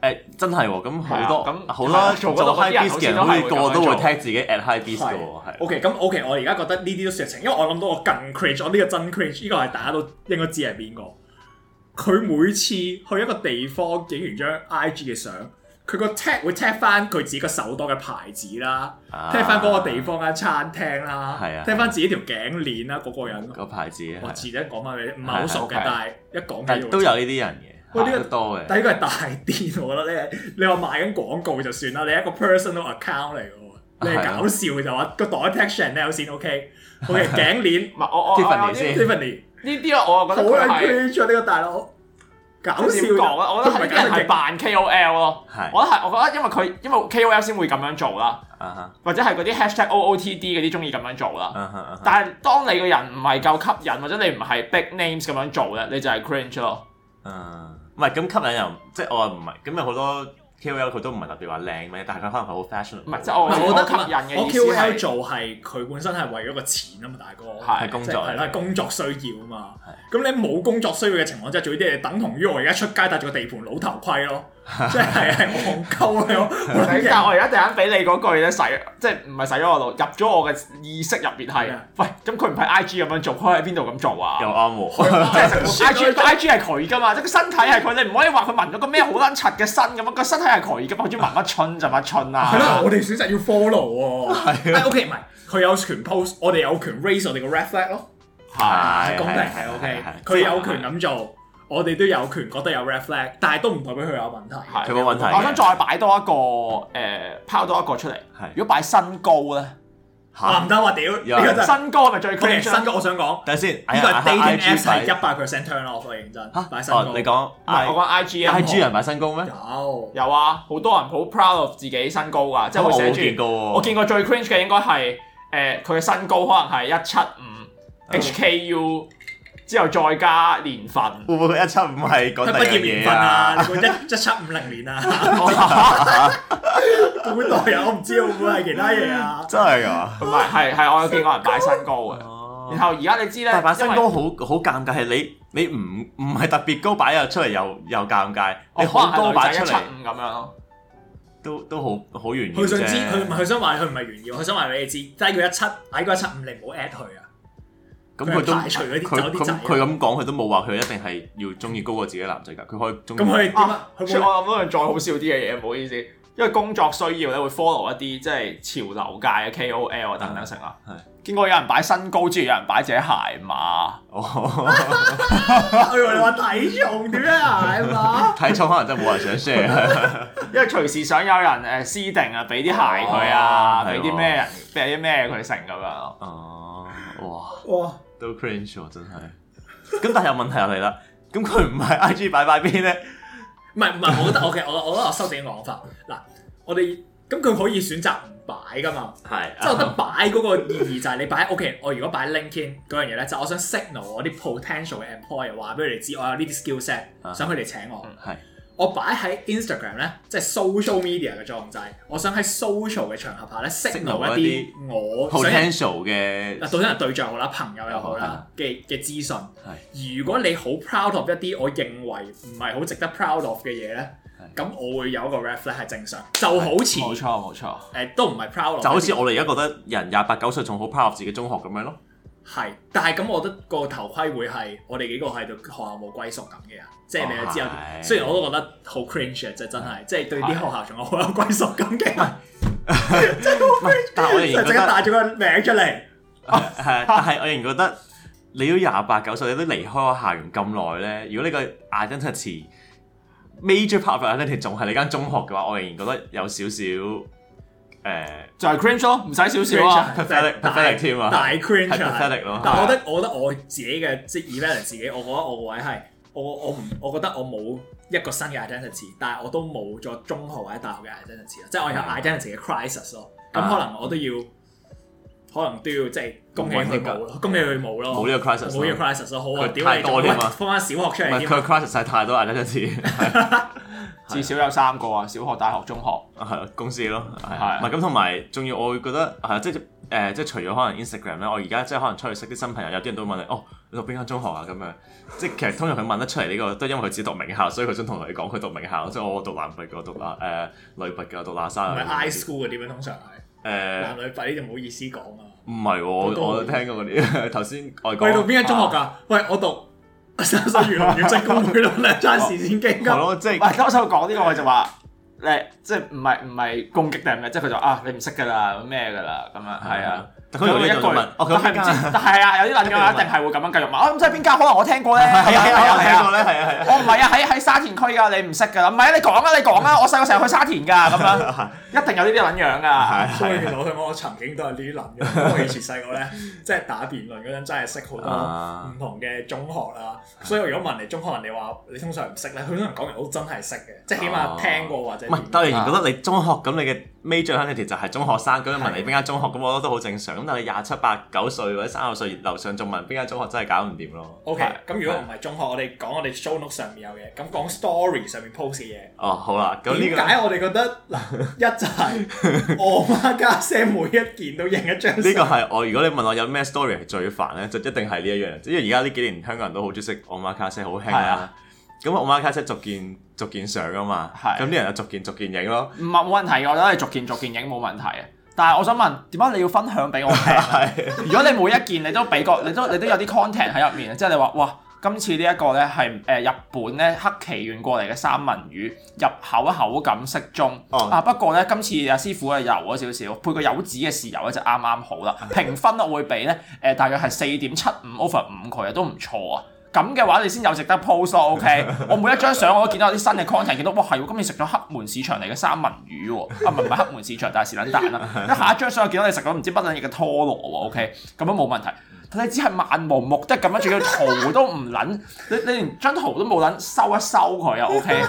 誒真係喎？咁好多咁好啦，做個 High Beast 嘅每個都會聽自己 at High Beast 喎，係。OK，咁 OK，我而家覺得呢啲都事情，因為我諗到我更 cringe，我呢個真 cringe，呢個係大家都應該知係邊個。佢每次去一個地方影完張 IG 嘅相，佢個 tag 會 tag 翻佢自己個手袋嘅牌子啦，tag 翻嗰個地方間餐廳啦，tag 翻自己條頸鏈啦，嗰個人個牌子，我自己講翻嚟唔係好熟嘅，但係一講起都有呢啲人嘅，喂，呢多嘅。但呢個係大店，我覺得咧，你話賣緊廣告就算啦，你係一個 personal account 嚟嘅喎，你係搞笑就話個袋 tag Chanel 先 OK，OK 頸鏈，我我 Tiffany，Tiffany 呢啲我覺得好 in 呢個大佬。搞笑講咧？ 我覺得係扮 KOL 咯，我覺得係我覺得因為佢因為 KOL 先會咁樣做啦，或者係嗰啲 hashtag OOTD 嗰啲中意咁樣做啦。但係當你個人唔係夠吸引或者你唔係 big names 咁樣做咧，你就係 cringe 咯。唔係咁吸引又即係我唔係咁有好多。KOL 佢都唔係特別話靚咩，但係佢可能係好 fashion。唔係不，即係我覺得，我覺得人嘅意思。我 KOL 做係佢本身係為咗個錢啊嘛，大哥。係工作。係啦、就是，工作需要啊嘛。係的。咁你冇工作需要嘅情況之下，做呢啲嘢等同於我而家出街戴住個地盤佬頭盔咯。即係係戇鳩嚟講，我而家突然間俾你嗰句咧洗，即係唔係洗咗我腦，入咗我嘅意識入邊係。喂，咁佢唔係 I G 咁樣做，佢可以喺邊度咁做啊？又啱喎，即係 I G 個 I G 係佢噶嘛，即係個身體係佢，你唔可以話佢紋咗個咩好撚柒嘅身咁啊，個身體係佢噶嘛，好似紋乜春就乜春啊。係咯，我哋選擇要 follow 喎，啊。o k 唔係，佢、okay，有權 post 我哋有權 raise 我哋個 red flag 咯。係公平，OK，佢有權咁做。我哋都有權覺得有 red flag，但係都唔代表佢有問題。佢冇問題。我想再擺多一個，誒，拋多一個出嚟。係。如果擺身高咧嚇，唔得喎屌！身高咪最高嘅身高，我想講。等下先。呢個 dating app 係一百 percent turn 咯，我講認真。嚇！哦，你講。我講 IG。IG 人擺身高咩？有有啊，好多人好 proud of 自己身高啊。即係會寫住。我見過，我見過最 cringe 嘅應該係誒，佢嘅身高可能係一七五 HKU。之後再加年份，會唔會一七五係講第二樣嘢啊？一七五零年啊，會唔會代本來我唔知會唔會係其他嘢啊？真係啊，唔係係係，我有見過人擺身高嘅。然後而家你知咧，擺身高好好尷尬，係你你唔唔係特別高，擺啊，出嚟又又尷尬。你開下高擺出嚟。咁樣咯，都都好好炫耀啫。佢想知，佢唔係想話佢唔係炫耀，佢想話俾你知，低佢一七，矮過一七五，你，唔好 at 佢啊。咁佢都除咗啲走啲佢咁佢咁講，佢都冇話佢一定係要中意高過自己男仔㗎。佢可以中。咁佢啱啊！所以我咁多人再好笑啲嘅嘢，唔好意思。因為工作需要咧，會 follow 一啲即係潮流界嘅 KOL 啊等等成啊。係。見過有人擺身高，仲有人擺自己鞋碼。我以為你話體重點樣挨啊？體重可能真係冇人想 share。因為隨時想有人誒私定啊，俾啲鞋佢啊，俾啲咩人俾啲咩佢成咁樣。哦。哇。哇。都 cringe 喎，真係。咁 但係有問題又嚟啦。咁佢唔係 IG 擺擺邊咧？唔係唔係，我覺得 OK 我。我覺得我我都話修正講法。嗱，我哋咁佢可以選擇唔擺㗎嘛？係。即係我覺得擺嗰個意義就係你擺喺屋企。Okay, 我如果擺喺 LinkedIn 嗰樣嘢咧，就是、我想 signal 我啲 potential 嘅 employee，、er, 話俾佢哋知我有呢啲 skill set， 想佢哋請我。係。 我擺喺 Instagram 咧，即係 social media 嘅狀態。我想喺 social 嘅場合下咧，識到一啲我 potential 嘅嗱，到對象好啦，朋友又好啦嘅嘅資訊。如果你好 proud of 一啲，我認為唔係好值得 proud of 嘅嘢咧，咁我會有一個 reflect 係正常，就好似冇錯冇錯，誒都唔係 proud of。就好似我哋而家覺得人廿八九歲仲好 proud of 自己中學咁樣咯。係，但係咁，我覺得個頭盔會係我哋幾個喺度學校冇歸屬感嘅人，即係你知有。雖然我都覺得好 cringe，即係真係，即係對啲學校仲有好有歸屬感嘅人，真係好 cringe。但係我仍然覺得，直接帶咗個名出嚟。係、哦，但係我仍然覺得 你都廿八九歲，你都離開我校園咁耐咧。如果呢個 identity major part of identity 仲係你間中學嘅話，我仍然覺得有少少。誒、呃哦嗯啊、就係 cringe 咯唔使少少啊大力添啊大,大 cringe 咯但我覺得我覺得我自己嘅即係 event 自己我覺得我個位係我我唔我覺得我冇一個新嘅 identity 但係我都冇咗中學或者大學嘅 ident identity 啊即係我有 identity 嘅 crisis 咯咁可能我都要可能都要即係恭喜佢冇咯，恭喜佢冇咯。冇呢個 crisis，冇呢個 crisis 好啊，屌你，放翻小學出嚟。佢 crisis 曬太多啊！呢陣時至少有三個啊，小學、大學、中學。公司咯，係。咁，同埋仲要，我會覺得即係誒，即係除咗可能 Instagram 咧，我而家即係可能出去識啲新朋友，有啲人都會問你哦，你讀邊間中學啊？咁樣即係其實通常佢問得出嚟呢個，都因為佢只讀名校，所以佢想同你講佢讀名校。即係我讀男拔嘅，讀誒女拔噶，讀南山。唔係 I school 嘅點樣？通常係。誒，男女仔就唔好意思講啊。唔係喎，我都聽過嗰啲。頭先外國。去到邊間中學噶？喂，我讀三水玉龍粵職工會咯，兩間前線機構咯，即係。唔係，剛才講呢個我就話，誒，即係唔係唔係攻擊定係咩？即係佢就啊，你唔識噶啦，咩噶啦咁樣啊，係啊。佢講咗一句，我唔知，但係啊，有啲人噶啦，一定係會咁樣繼續問。哦，咁即係邊間？可能我聽過咧，係啊，係啊，係啊，我唔係啊，喺喺沙田區噶，你唔識噶啦。唔係啊，你講啊，你講啊，我細個成日去沙田噶咁樣。一定有呢啲諗樣㗎，所以其實我我， 我曾經都係呢啲諗樣。我以前細個咧， 即係打辯論嗰陣真係識好多唔同嘅中學啦。 所以我如果問你中學人，你話你通常唔識咧，佢通常講完都真係識嘅， 即係起碼聽過或者。唔係、啊，但係我覺得你中學咁你嘅。m a 咪最可能條就係中學生咁樣問你邊間中學，咁我覺得都好正常。咁但係你廿七八九歲或者三十歲樓上仲問邊間中學，真係搞唔掂咯。OK，咁的如果唔係中學，我哋講我哋 o n show note 上面有嘢，咁講 story 上面 post 嘢。哦，好啦，咁呢點解我哋覺得嗱，一就係我媽家姐每一件都影一張照。呢 個係我，如果你問我有咩 story 係最煩咧，就一定係呢一樣，因為而家呢幾年香港人都好中意識我媽家姐，好興啊。的 咁 Omakase 即係逐件逐件上㗎嘛，咁啲是的 人就逐件逐件影咯，唔啊冇問題嘅，我覺得係逐件逐件影冇問題啊。但係我想問點解你要分享俾我睇？ 如果你每一件你都俾個你都你都有啲 content 喺入面，即係你話哇，今次呢一個咧係誒日本咧黑崎縣過嚟嘅三文魚，入口口感適中，啊、oh. 不過咧今次阿、啊、師傅啊油咗少少，配個柚子嘅豉油咧就啱啱好啦。評分我會俾咧誒，大概係四點七五 over 五佢啊，都唔錯啊。咁嘅話，你先有值得 post OK？我每一張相我都見到有啲新嘅 content，見到哇係，今日食咗黑門市場嚟嘅三文魚喎，唔係唔係黑門市場，但係是但但啦。咁下一張相我見到你食咗唔知乜撚嘢嘅拖羅喎，OK？咁樣冇問題。你只係漫無目的咁樣，仲要圖都唔撚，你你連張圖都冇撚收一收佢啊？OK，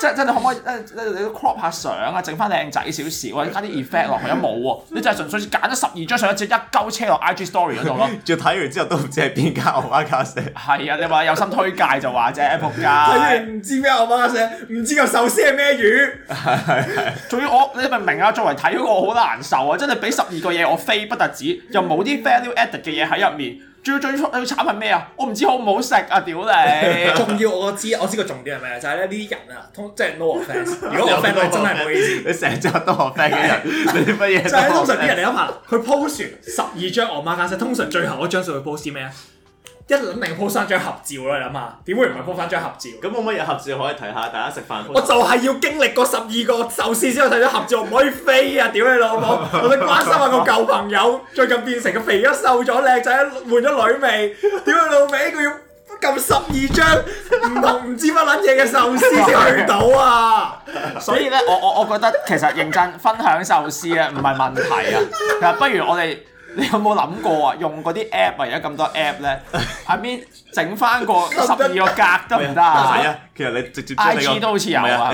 即係即係你可唔可以你都 crop 下相啊，整翻靚仔少少，或者加啲 effect 落去都冇喎。你就純粹揀咗十二張相，就一鳩車落 IG Story 嗰度咯。仲要睇完之後都唔知係邊間 Omakase，係啊！你話有心推介就話啫，Apple 街唔知咩 Omakase，唔知個壽司係咩魚。仲要 我，你明唔明啊？作為睇過，我好難受啊！真係俾十二個嘢我飛不特止，又冇啲 value added 嘅嘢喺入面。仲要最你要炒係咩啊？我唔知好唔好食啊！屌你！ 重要我知，我知個重點係咩？就係咧呢啲人啊，通即係 no offense。如果我 fans 就 真係唔好意思。 你成日都我 fans 嘅人， 你啲乜嘢？就係通常啲人一，嚟諗下，佢 post 十二張 Omakase，通常最後嗰張佢 post 咩啊？一輪唔係 po 三張合照啦，你諗下點會唔係 po 三張合照？咁有乜嘢合照可以睇下大家食飯？我就係要經歷過十二個壽司先可以睇到合照，唔可以飛啊！屌 你老母，我哋關心下個舊朋友最近變成個肥咗、瘦咗、靚仔換咗女未。屌你老味，佢要撳十二張唔同唔知乜撚嘢嘅壽司先去到啊！ 所以咧，我我我覺得其實認真分享壽司啊唔係問題啊，嗱， 不如我哋。你有冇諗過啊？用嗰啲 app，啊，而家咁多 app 咧，喺邊整翻個十二個格得唔得啊？係啊，其實你直接將你個 IG 都好似有啊，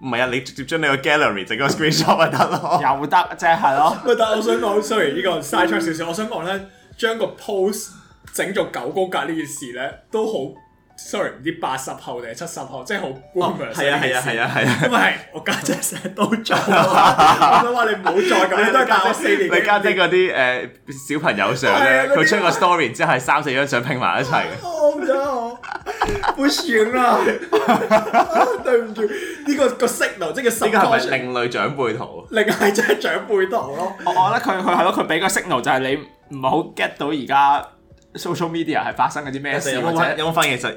唔係啊，你直接將你個 gallery 整個 screen shot 咪得咯，又得即係咯。喂，但係我想講 sorry，呢個嘥咗少少。 我想講咧，將個 post 整咗九宮格呢件事咧，都好。Sorry，唔知八十後定係七十後，即係好 gamer 嘅事。係啊係啊係啊係啊，因為我家姐成日都做我想話你唔好再咁我四樣。你家姐嗰啲誒小朋友相咧，佢出個 story 之後係三四張相拼埋一齊。我唔得，我唔算啦。對唔住，呢個個 signal 即係 signal。呢個係咪另類長輩圖？另係即係長輩圖咯。我我覺得佢佢係咯，佢俾個 signal 就係你唔係好 get 到而家 social media 係發生嗰啲咩事有冇分其實？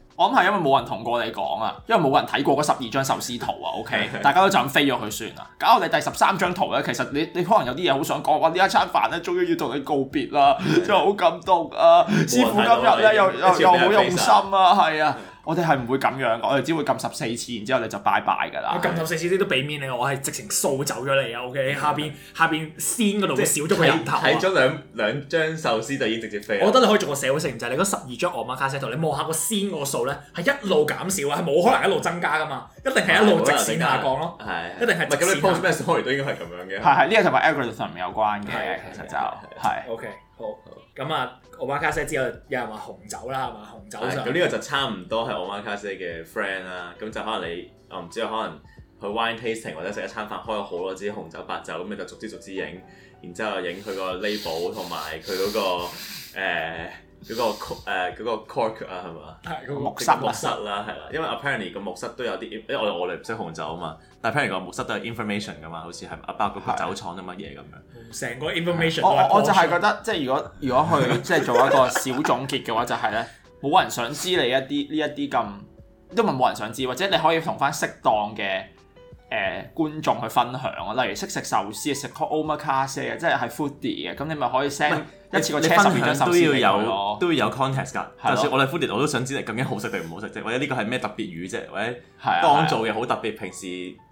我諗係因為冇人同過你講啊，因為冇人睇過嗰十二張壽司圖啊，OK， 大家都就咁飛咗佢算啦。搞到你第十三張圖咧，其實你你可能有啲嘢好想講，我呢一餐飯咧，終於要同你告別啦， 真係好感動啊！師傅今日咧又又又好用心啊，係啊。 我哋係唔會咁樣，我哋只會撳十四次，然之後你就拜拜㗎啦。我撳十四次都都俾面你，我係直情掃走咗你啊！OK，下邊下邊先嗰度少咗個人頭，睇咗兩兩張壽司就已經直接飛。我覺得你可以做個社會性研究，你嗰十二張 Omakase 圖，你望下個先個數咧，係一路減少啊，係冇可能一路增加噶嘛，一定係一路直線下降咯，一定係。唔係咁你 post message 都應該係咁樣嘅。係係，呢個就係 algorithm 有關嘅，其實就係。OK，好。咁啊，奧馬卡西之後有人話紅酒啦，係嘛紅酒咁呢、哎、個就差唔多係奧馬卡西嘅 friend 啦。咁就可能你，我唔知啊，可能去 wine tasting 或者食一餐飯，開咗好多支紅酒、白酒，咁你就逐支逐支影，然之後影佢、嗰個 label 同埋佢嗰個誒嗰、呃嗰個嗰個 cork 啊，係、那、嘛、個啊？係、嗰個木塞，啦，木塞啦，係啦。因為 apparently 個木塞都有啲，因為我哋唔識紅酒啊嘛。但係譬如講，模式都係 information 噶嘛，好似係啊，的包嗰個酒廠定乜嘢咁樣，成個 information 我，我我就係覺得， 即係如果如果去即係做一個小總結嘅話，就係、是、咧，冇人想知你一啲呢一啲咁，因為冇人想知，或者你可以同翻適當嘅誒、呃、觀眾去分享啊，例如識食壽司、食 o, omakase 啊，即係係 foodie 嘅，咁你咪可以 send。一次過車，你分享都要有都要有 context 㗎。就算我哋 foodie，我都想知你究竟好食定唔好食啫。或者呢個係咩特別魚啫？或者當造嘅好特別，平時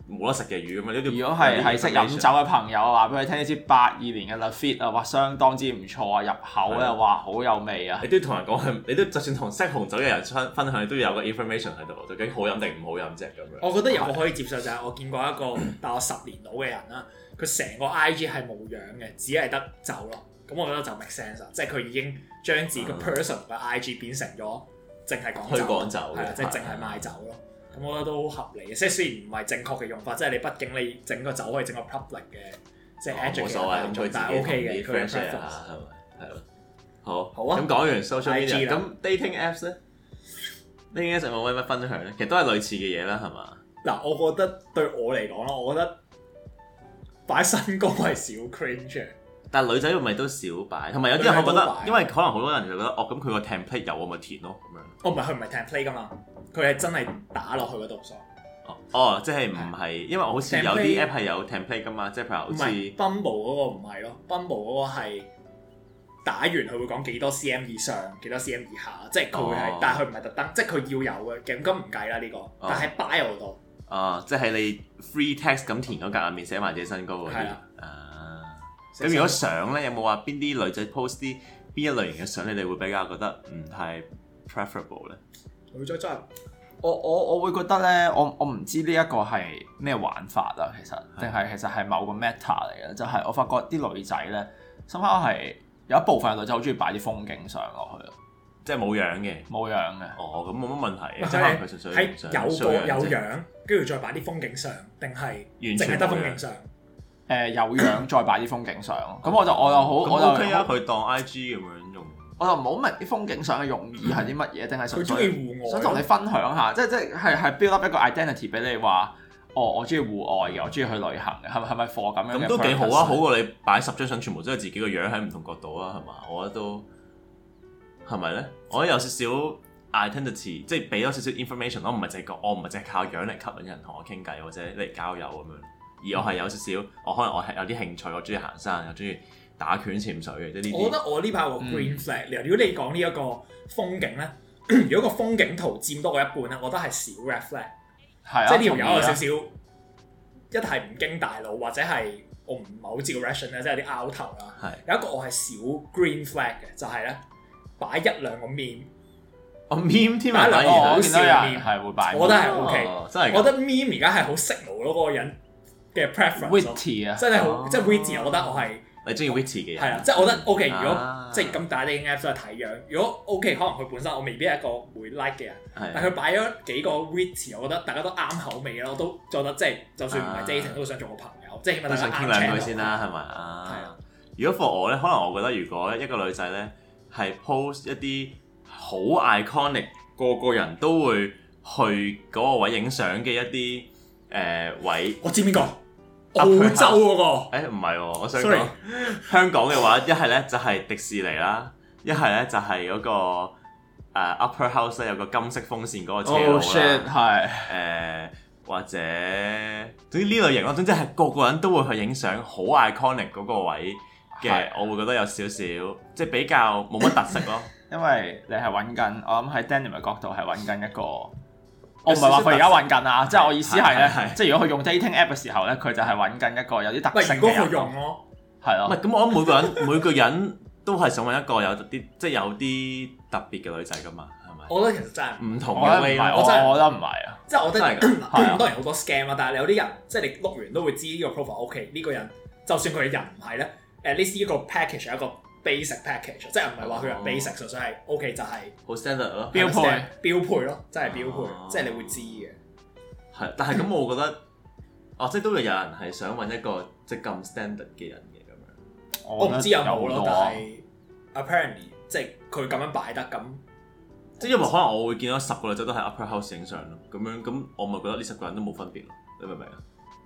冇得食嘅魚咁樣。如果係係識飲酒嘅朋友話俾佢聽，一支八二年嘅 Lafite 啊，話相當之唔錯啊，入口又話好有味啊。你都要同人講，你都就算同識紅酒嘅人分享，你都要有個 information 喺度，究竟好飲定唔好飲啫咁樣。我覺得有可以接受，就係我見過一個大我十年到嘅人啦，佢成個 IG 係冇樣嘅，只係得酒咯。咁我覺得就 make sense 啊，即係佢已經將自己個 personal 嘅 IG 變成咗淨係講酒，係啊，即係淨係賣酒咯。咁、嗯、我覺得都好合理嘅，即係雖然唔係正確嘅用法，即係你畢竟你整個酒可以整個 public 嘅，即係 edge 嘅用，但係 OK 嘅。嗯、你 f r i 係咪？係咯，好，好啊。咁講完 social、嗯、media，咁 dating apps 咧，dating apps 有冇乜分享咧？其實都係類似嘅嘢啦，係嘛？嗱、啊，我覺得對我嚟講咯，我覺得擺身高係少 cringe。 但係女仔唔咪都少擺，同埋有啲人擺我覺得，因為可能好多人就覺得，哦咁佢個 template 有我咪填咯咁樣。哦，唔係佢唔係 template 噶嘛，佢係真係打落去嗰動作。哦，即係唔係因為我好似有啲 app 係有 template 噶嘛，即係譬如好似。Bumble 嗰個唔係咯，Bumble 嗰個係打完佢會講幾多 cm 以上、幾多 cm 以下，即係佢會係，哦、但係佢唔係特登，即係佢要有嘅，咁金唔計啦呢、呢個，哦、但係 bio 度。啊、哦，即係你 free text 咁填嗰格入面寫埋自己身高嗰啲。咁如果相咧，有冇話邊啲女仔 post 啲邊一類型嘅相，你哋會比較覺得唔太 preferable 咧？女仔真係，我我我會覺得咧，我我唔知呢一個係咩玩法啦，其實定係其實係某個 meta 嚟嘅，就係、是、我發覺啲女仔咧，深刻係有一部分女仔好中意擺啲風景相落去，即係冇樣嘅，冇樣嘅。哦，咁冇乜問題，是即係是喺有個有樣，跟住、就是、再擺啲風景相，定係完淨係得風景相？誒有樣再擺啲風景相，咁我就我又好，我就佢當 IG 咁樣用。我就唔好明啲風景相嘅用意係啲乜嘢，定係想同你分享下，即即係係 build up 一個 identity 俾你話，哦，我中意戶外嘅，我中意去旅行嘅，係咪係咪貨咁樣咁都幾好啊，好過你擺十張相全部都係自己個樣喺唔同角度啊，係嘛？我覺得都係咪咧？我有少少 identity，即係俾咗少少 information，我唔係淨係講，我唔係淨係靠樣嚟吸引人同我傾偈或者嚟交友咁樣。而我係有少少，我可能我係有啲興趣，我中意行山，又中意打拳、潛水嘅。即呢啲，我覺得我呢排個 green flag。如果你講呢一個風景咧，如果個風景圖佔多我一半咧，我覺得係少 red flag。係啊，即係例如有少少一係唔經大腦，或者係我唔係好知個 ration 咧，即係啲拗頭啦。有一個我係少 green flag 嘅，就係咧擺一兩個面，我面添啊，擺兩個好笑面，我覺得係 OK，真係。我覺得 meme 而家係好識路咯，嗰個人。嘅 preference 咯，真係好，即係 witty，我覺得我係，你中意 witty 嘅，係啊，即係我覺得 OK。如果即係咁打啲 app 都係睇樣，如果 OK，可能佢本身我未必係一個會 like 嘅人，但係佢擺咗幾個 witty，我覺得大家都啱口味咯，我都覺得即係就算唔係 Jason 都想做個朋友，即係起碼都想傾兩句先啦，係咪啊？如果 for 我咧，可能我覺得如果一個女仔咧係 post 一啲好 iconic，個個人都會去嗰個位影相嘅一啲。誒、呃、位，我知邊 upper house,、那個？澳洲嗰個？唔係喎，我想講 Sorry. 香港嘅話，一係咧就係迪士尼啦，一係咧就係嗰、那個、uh, Upper House 有個金色風扇嗰個車路啦，或者總之呢類型嗰種即係個個人都會去影相，好 iconic 嗰個位嘅。是我會覺得有少少即係比較冇乜特色咯， 因為你係揾緊，我諗喺 Denim 嘅角度係揾緊一個。我唔係話佢而家揾緊啊，即係我意思係咧，即係如果佢用 dating app 嘅時候咧，佢就係揾緊一個有啲特性嘅。如果我用咯，係啊，唔係咁，我覺得每個人每個人都係想揾一個有啲即係有啲特別嘅女仔噶嘛，係咪？我覺得其實真係唔同嘅，我真係，我覺得唔係啊。即係我覺得係咁。當然好多 scam 啊，但係你有啲人即係你碌完都會知呢個 profile OK，呢個人就算佢人唔係咧，誒呢係一個 package 一個。basic package 即係唔係話佢話 basic，純粹係 OK 就係好 standard 咯，標配標配咯，真係標配，即係你會知嘅。係，但係咁我覺得，哦，即係都會有人係想揾一個即係咁 standard 嘅人嘅咁樣。我唔知有冇咯，但係 apparently 即係佢咁樣擺得咁，即係因為可能我會見到十個女仔都喺 upper house 影相咯，咁樣咁我咪覺得呢十個人都冇分別咯，你明唔明啊？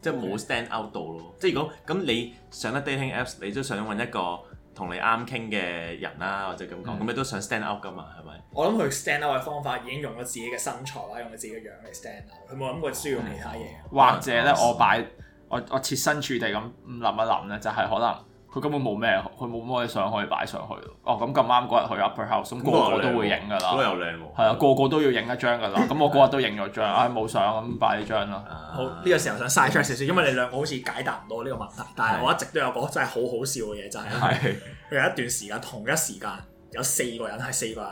即係冇 stand out 到咯。即係如果咁你上得 dating apps，你都想揾一個。同你啱傾嘅人啦，或者咁講，咁的你都想 stand up 㗎嘛？係咪？我諗佢 stand up 嘅方法已經用咗自己嘅身材啦，用咗自己嘅樣嚟 stand up，佢冇諗過需要其他嘢。的或者咧，我擺我我設身處地咁諗一諗咧，就係、是、可能。佢根本冇咩，佢冇乜嘢相可以擺上去哦，咁咁啱嗰日去 Upper House，咁個個都會影噶啦，係啊，個個都要影一張噶啦。咁 我嗰日都影咗張，唉冇相咁擺一張咯。 好，呢、呢個時候想嘥出少少，因為你兩個好似解答唔到呢個問題，但係我一直都有個真係好好笑嘅嘢就係、是，佢是 有一段時間同一時間有四個人係四個人，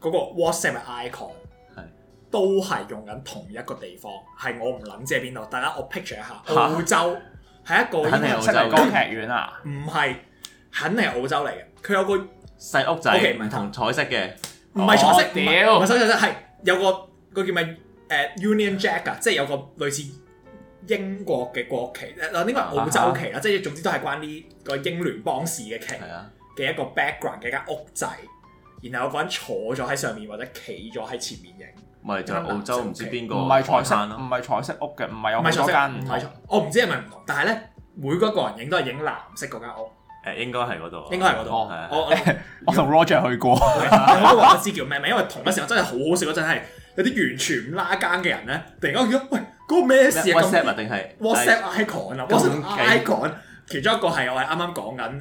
嗰是個 WhatsApp icon 是都係用緊同一個地方，係我唔諗知係邊度，大家我 picture 一下澳洲。 係一個澳洲嘅歌劇院啊？唔係，肯定係澳洲嚟嘅。佢有個細屋仔，唔係同彩色嘅，唔係彩色，唔係彩色，係有個嗰叫咩？誒 Union Jack 啊，即係有個類似英國嘅國旗。誒，呢個係澳洲旗啦，即係總之都係關呢個英聯邦事嘅旗嘅一個 background 嘅間屋仔，然後有個人坐咗喺上面或者企咗喺前面影。咪就係澳洲唔知邊個，唔係彩山，唔係彩色屋嘅，唔係彩色間，唔係彩。我唔知係咪，但係咧，每嗰個人影都係影藍色嗰間屋。誒，應該係嗰度，應該係嗰度。我我同 Roger 去過，我都話唔知叫咩名，因為同一時候真係好好笑嗰陣係有啲完全唔拉更嘅人咧，突然間見到：「喂，嗰個咩事啊？WhatsApp 定係 WhatsApp icon 啊？WhatsApp icon，其中一個係我係啱啱講緊誒。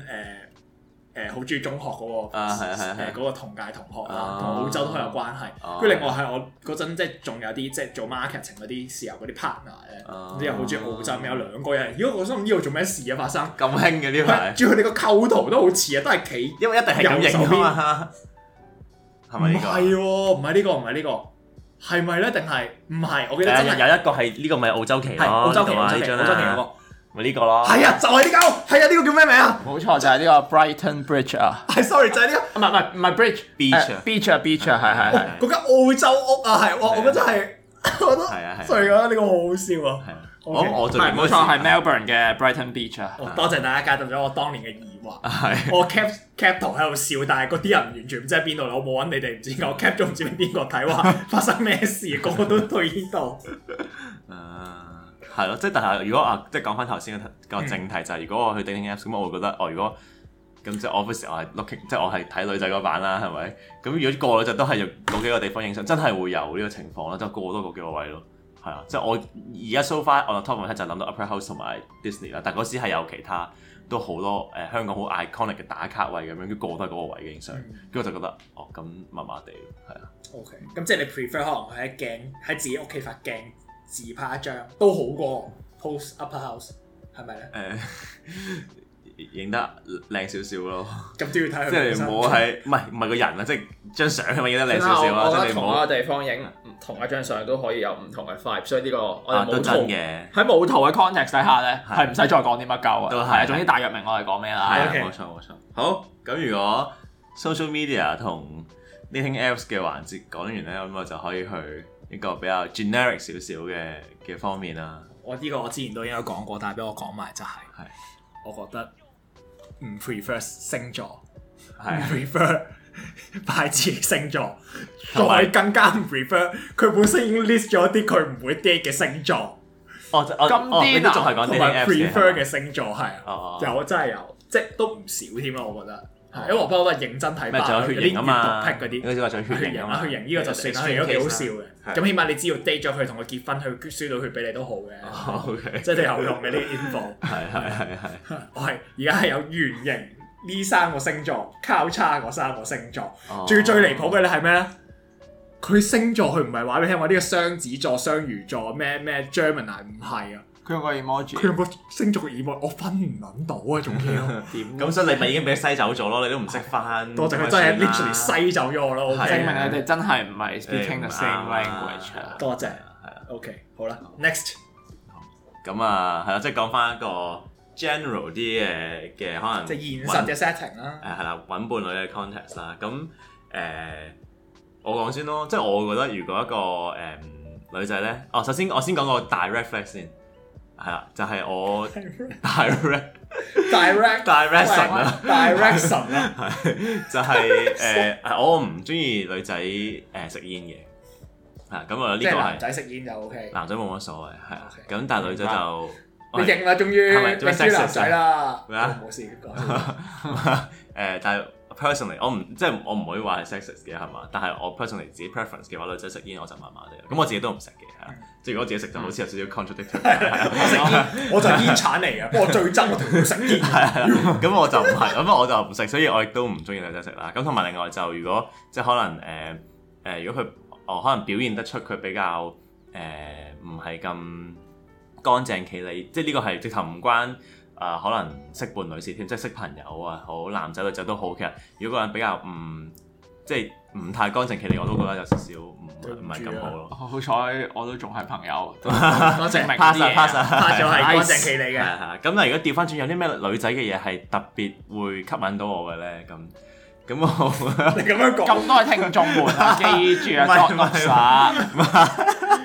誒，好中意中學嗰個誒，嗰個同屆同學啊，同澳洲都係有關係。跟住另外係我嗰陣即係仲有啲即係做 marketing 嗰啲時候嗰啲 partner 咧，即又好中意澳洲，有兩個人。如果我想唔知度做咩事啊，發生咁興嘅啲主要佢哋個構圖都好似啊，都係企，因為一定係咁型啊嘛。咪呢唔係呢個，唔係呢個，係咪咧？定係唔係？我記得真係有一個係呢個，咪澳洲企，係澳洲企，澳洲企嗰個咪呢個咯，係啊，就係呢間屋，係啊，呢個叫咩名啊？冇錯，就係呢個 Brighton Bridge 啊。係，sorry，就係呢個，唔係唔係唔係 Bridge，Beach，Beach，Beach 係係係嗰間澳洲屋啊，係，哇，我覺得真係，覺得係啊係，所以覺得呢個好好笑啊。我我最唔係冇錯，係 Melbourne 嘅 Brighton Beach 啊。多謝大家解答咗我當年嘅疑惑。係，我 cap cap 圖喺度笑，但係嗰啲人完全唔知喺邊度，我冇揾你哋唔知，我 cap 咗唔知邊個睇話發生咩事，個個都對呢度。係咯，即係但係如果啊，即係講翻頭先個正題、嗯、就係，如果我去 dating app，咁我會覺得，哦，如果咁即係 office，我係 looking，即係我係睇女仔嗰版啦，係咪？咁如果個女仔都係嗰幾個地方影相，真係會有呢個情況啦，即係過多過幾個位咯，係啊，即、嗯、係我而家 so far 我 on top 一刻就諗到 Upper House 同埋 Disney 啦，但係嗰時係有其他都好多誒、呃、香港好 iconic 嘅打卡位咁樣，跟過都係嗰個位影相，跟住、嗯、我就覺得哦，咁麻麻地，係啊。O K，咁即係你 prefer 可能佢喺鏡喺自己屋企發鏡。自拍一張都好過 post upper house，係咪咧？誒、嗯，影得靚少少咯。咁都要睇，即係冇係唔係唔係個人啊，即、就、係、是、張相係咪影得靚少少啊？我覺得同一個地方影同一張相都可以有唔同嘅 vibe，所以呢個我哋冇圖嘅喺冇圖嘅 context 底下咧，係唔使再講啲乜鳩嘅。都係、嗯，總之大約明我哋講咩啦。係啊， 冇錯冇錯。 好，咁如果 social media 同 anything else 嘅環節講完咧，咁 我就可以去。一個比較 generic 少少嘅嘅方面啦、啊。我呢個我之前都應該講過，但係俾我講埋就係、是，是我覺得唔 prefer 星座，係 prefer 排斥星座，再有更加唔 prefer 佢本身已經 list 咗啲佢唔會 date 嘅星座。哦，咁啲仲同埋 prefer 嘅星座係，啊、嗎有真係有，即都唔少添咯，我覺得。係，因為我覺得認真睇翻，血型啊嘛，血型啊血型，呢個就算啦，如都幾好笑嘅，咁起碼你知道 date 咗佢，同佢結婚，佢輸到血俾你都好嘅。即係你有用嘅呢個 info。係係係係。我係而家係有圓形呢三個星座，交叉嗰三個星座，最最離譜嘅咧係咩咧？佢星座佢唔係話俾你聽，我呢個雙子座、雙魚座，咩咩 Gemini 唔係啊。佢用個 emoji 住，佢用個星座耳膜，我分唔諗到啊！仲要點？咁所以你咪已經俾篩走咗咯？你都唔識返多謝佢，真係 literally 篩走咗我咯！證明你哋真係唔係 speaking the same language。多謝，OK，好啦，next。咁啊，係啦，即係講返一個 general 啲嘅嘅可能，即係現實嘅 setting 啦。誒係啦，揾伴侶嘅 context 啦。咁誒，我講先咯，即係我覺得如果一個誒女仔咧，哦，首先我先講個 red flag 先。係啦，就係我 direct，direction 啦，direction 啦，係就係誒，我唔中意女仔誒食煙嘅，係咁啊呢個係，即係男仔食煙就 OK，男仔冇乜所謂，係啊，咁但係女仔就，你型啊，終於咪豬男仔啦，冇事嘅，誒，但係 personally 我唔即係我唔會話係 sexist 嘅係嘛，但係我 personally 自己 preference 嘅話，女仔食煙我就麻麻哋，咁我自己都唔食嘅。即如果自己食就好似有少少 contradict，我食煙我就煙鏟嚟嘅，不過我最憎我條食煙。係啊係啊，咁我就唔係，咁 我就唔食，所以我亦都唔中意女仔食啦。咁同埋另外就如果即可能誒誒，如果佢我可能表現得出佢比較誒唔係咁乾淨企理，即呢個係直頭唔關啊可能識伴女士添，即識朋友啊好，男仔女仔都好。其實如果個人比較唔。嗯即係唔太乾淨麗麗，其餘我都覺得有少少唔唔係咁好咯。好彩我都仲係朋友， 證明啲嘢 pass 咗 pass 咗，仲係乾淨其餘嘅。咁但對如果調翻轉，有啲咩女仔嘅嘢係特別會吸引到我嘅咧？咁。咁啊，你咁 樣講說咁多聽眾們、啊，記住啊， 是作惡實、啊。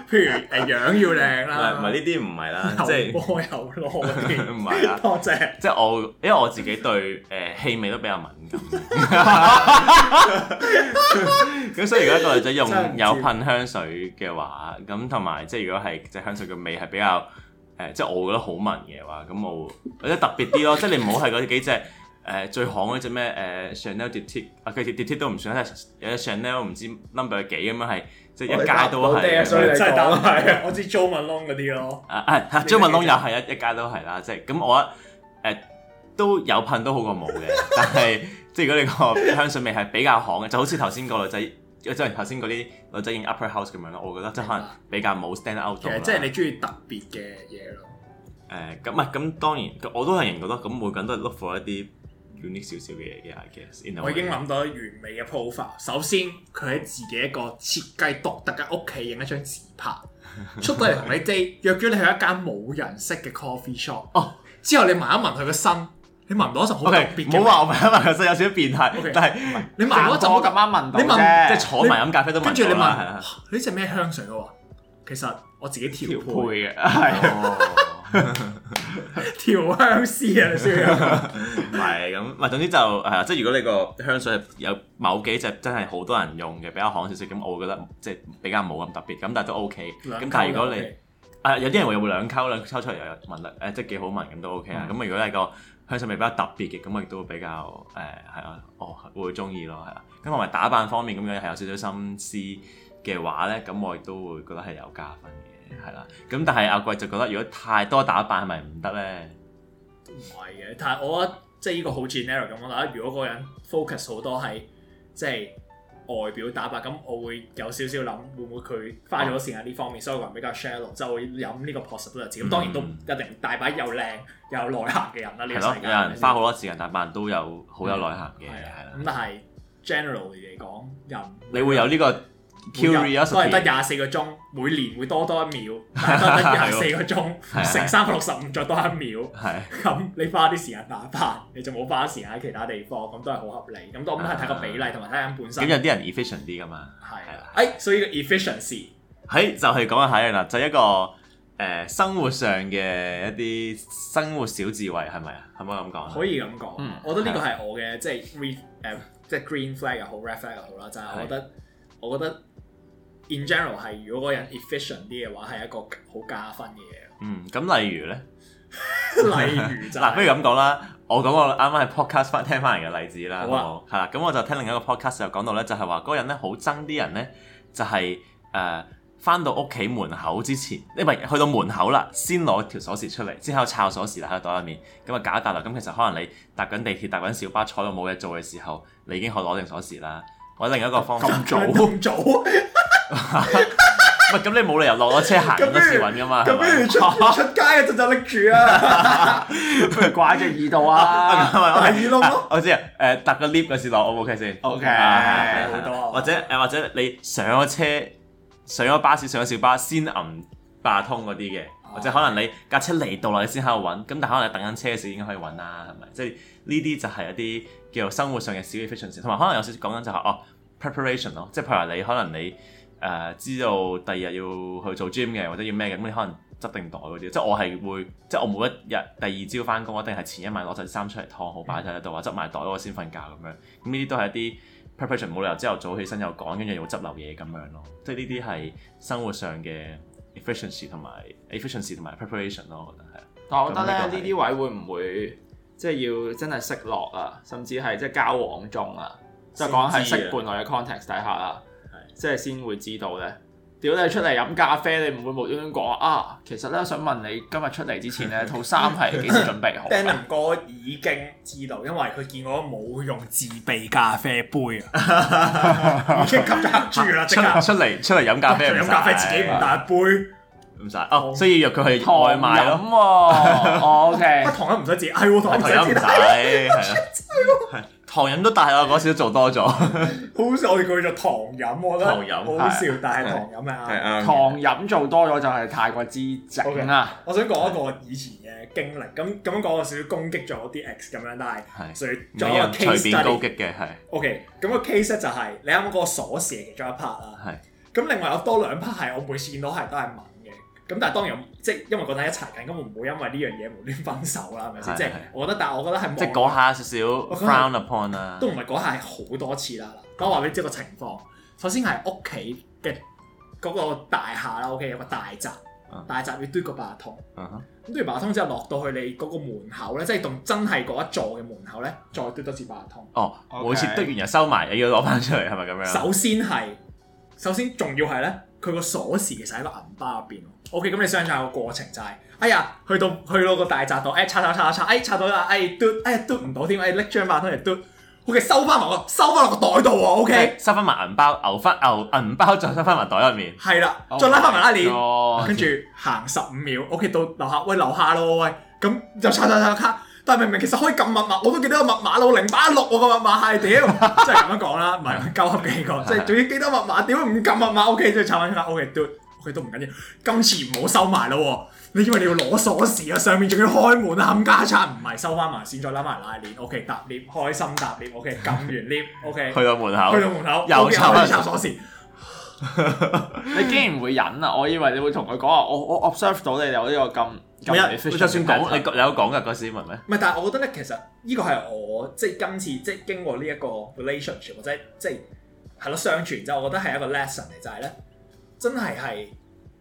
譬 如誒樣要靚、啊、啦，唔係呢啲唔係啦，即係我有咯。羅嗰啲唔係啦，多謝。即係我，因為我自己對誒氣、呃、味都比較敏感。咁所以如果一個女仔用有噴香水嘅話，咁同埋即係如果係隻香水嘅味係比較誒、呃、即係我覺得好聞嘅話，咁我或者特別啲咯， 即係你唔好係嗰幾隻。誒最行嗰隻咩？誒、uh, Chanel d e 的貼啊，佢 d e 的貼貼都唔算有 Chanel 唔知 number 幾咁樣係，即、就、係、是、一街都係，我知 Jo Malone 嗰啲咯，Jo Malone 又係一是一街都係啦，即係咁我誒、uh, 都有噴都好過冇嘅， 但係即係如果你個香水味係比較行嘅，就好似頭先個女仔，即係頭先嗰啲女仔影 Upper House 咁樣咯，我覺得即係可能比較冇 stand out。其實即係你中意特別嘅嘢咯。誒咁唔咁當然我都係認覺得，咁每個人都 look for 一啲，暖啲少少嘅嘢嘅，我已經諗到完美嘅鋪法。首先佢喺自己一個設計獨特嘅屋企影一張自拍，出到嚟同你 date。約咗你去一間冇人識嘅 coffee shop。哦，之後你聞一聞佢個身，你聞到一陣好特別，好話我聞一聞佢身有少少變態，但係你聞一陣我咁啱聞到你啫。即係坐埋飲咖啡都聞到啦。你呢隻咩香水噶？其實我自己調配嘅，係。調香師啊，算唔係咁，唔、 嗯、總之就係、是、啊，即係如果你個香水有某幾隻真係好多人用嘅，比較好少少，咁我會覺得即係比較冇咁特別，咁但係都 OK。咁但係如果你、嗯、啊有啲人會兩溝兩溝出嚟，又聞得誒，即係幾好聞，咁都 OK 啊。咁、嗯、如果係個香水味比較特別嘅，咁啊亦都會比較誒係、嗯、啊，我、哦、會中意咯，係啦、啊。咁同埋打扮方面咁樣係有少少心思嘅話咧，咁我亦都會覺得係有加分。係啦，咁但係阿貴就覺得如果太多打扮係咪唔得咧？唔係嘅，但係我覺得即係呢個好似 general 咁，我覺得，如果個人 focus 好多喺即係外表打扮，咁我會有少少諗會唔會佢花咗時間呢方面，所以話比較 shallow，就會諗呢個 possibility。咁當然都一定大把又靚又有內涵嘅人啦。係咯，有人花好多時間打扮都有好有內涵嘅，係啦。咁但係 generally 嚟講，人你會有呢個。QR 都係得廿四個鐘，每年會多多一秒，但係得廿四個鐘，成三百六十五再多一秒，咁你花啲時間打發，你就冇花時間喺其他地方，咁都係好合理。咁都咁係睇個比例同埋睇下本身。咁有啲人 efficient 啲㗎嘛？係，哎，所以個 efficiency，喺就係講下啦，就係一個誒生活上嘅一啲生活小智慧係咪啊？可唔可以咁講？可以咁講，我覺得呢個係我嘅即係 r 即係 green flag 又好，red flag 又好啦，就係我覺得我覺得。In general 係，如果個人 efficient 啲嘅話，係一個好加分嘅嘢。嗯，咁例如咧，例如嗱，不如咁講啦。我講我啱啱喺 podcast 翻聽翻嚟嘅例子啦，嚇咁我就聽另一個 podcast 就講到咧，就係話嗰人咧好憎啲人咧，就係誒翻到屋企門口之前，因為去到門口啦，先攞條鎖匙出嚟，之後抄鎖匙啦喺個袋入面，咁啊搞一大落，咁其實可能你搭緊地鐵、搭緊小巴、坐到冇嘢做嘅時候，你已經可以攞定鎖匙啦。我另一個方法咁早，咁早。唔係咁，你冇理由落咗車行嗰時揾噶嘛？咁不如出出街就就拎住啊！不如掛住耳度啊，係咪耳窿咯？我知啊，誒搭個 lift 嗰時落，O 唔 O K 先？O K，好多。或者誒，或者你上咗車，上咗巴士、上咗小巴，先揞八達通嗰啲嘅，或者可能你架車嚟到啦，你先喺度揾，咁但可能你等緊車嘅時已經可以揾啦，係咪？即係呢啲就係一啲叫做生活上嘅小嘅 function，同埋可能有少少講緊就係哦 preparation 咯，即係譬如話你可能你。誒、uh, 知道第二日要去做 gym 嘅或者要咩嘅，咁你可能執定袋嗰啲，即係我係會，即係我每一日第二朝返工，我一定係前一晚攞晒衫出嚟燙好，擺晒喺度啊，執埋袋我先瞓覺咁樣。咁呢啲都係一啲 preparation，冇理由朝頭早起身又趕跟住又執漏嘢咁樣咯。即係呢啲係生活上嘅 efficiency 同埋 efficiency 同埋 preparation 咯，我覺得係。但我覺得呢啲位會唔會即係要真係識落啊？甚至係即係交往中啊，即係講係識伴侶嘅 context 底下啊。即係先會知道咧。屌你出嚟飲咖啡，你唔會無端端講啊！其實咧，想問你今日出嚟之前咧，套衫係幾時準備好？Denim 哥已經知道，因為佢見我冇用自備咖啡杯啊！即係今日住啦，即刻出嚟出嚟飲咖啡，飲咖啡自己唔帶杯，唔使哦，所以約佢去外賣咯。O K，不堂哥唔使自，係喎堂哥唔使自帶。糖飲都大我嗰時做多咗，好笑我哋講咗糖飲，我覺得好笑，但係糖飲啊，糖飲做多咗就係太過之整啦。我想講一個以前嘅經歷，咁咁樣講少少攻擊咗啲 ex 咁樣，但係 OK 咁個 case 就係你啱啱嗰個鎖匙其中一 part 啦。係咁，另外有多兩 part 係我每次見到係都係咁但係當然，即係因為覺得一齊緊，根本唔會因為呢樣嘢無端分手啦，係咪先？即係是我覺得，但係我覺得係即係講下少少 frown upon 啊，都唔係講下係好多次啦。講話俾你知個情況，嗯、首先係屋企嘅嗰個大廈啦，OK，個大閘，嗯、大閘要嘟個八達通。咁嘟完八達通之後落到去你嗰個門口咧，即係同真係嗰一座嘅門口咧，再嘟多次八達通。哦，每次嘟完又收埋，又要攞翻出嚟，係咪咁樣首？首先係，首先仲要係咧。佢個鎖匙其實喺個銀包入邊。OK，咁你想象下個過程就係、是，哎呀，去到去到個大閘度，哎，插插插插插，哎，插到啦，哎，嘟，哎，呀，嘟、嗯、唔到添，哎，拎張八達通嚟嘟。OK，收翻落個收翻落個袋度喎。OK，收翻埋、okay? 銀包，牛忽牛銀包再收翻埋袋入面。係啦了，oh、再拉翻埋拉鏈哦，跟住 God 行十五秒。OK，到樓下，喂樓下咯，喂，咁就插插插卡。但明明其實可以撳密碼，我都記得個密碼，我零八六喎個密碼，係屌， 即係咁樣講啦，唔係鳩閪幾個， 即係仲要記得密碼，屌唔撳密碼，O K 就插翻出嚟，O K 屌，O K 都唔緊要，今次唔好收埋咯喎，你以為你要攞鎖匙啊？上面仲要開門冚家鏟，唔係收翻埋先再，再拉埋拉鏈，O K 搭 lift，開心搭 lift，O K 撳完 lift，O K 去到門口，去到門口又插啦怕，插鎖匙， 你竟然唔會忍啊？我以為你會同佢講話，我我 observe 到你有呢個咁。唔係，就算講球你，你有講㗎嗰啲事，係咪？唔係，但係我覺得咧，其實呢個係我即係今次即係經過呢一個 relationship，或者即係係咯相處之後，我覺得係一個 lesson 嚟，就係、是、咧真係係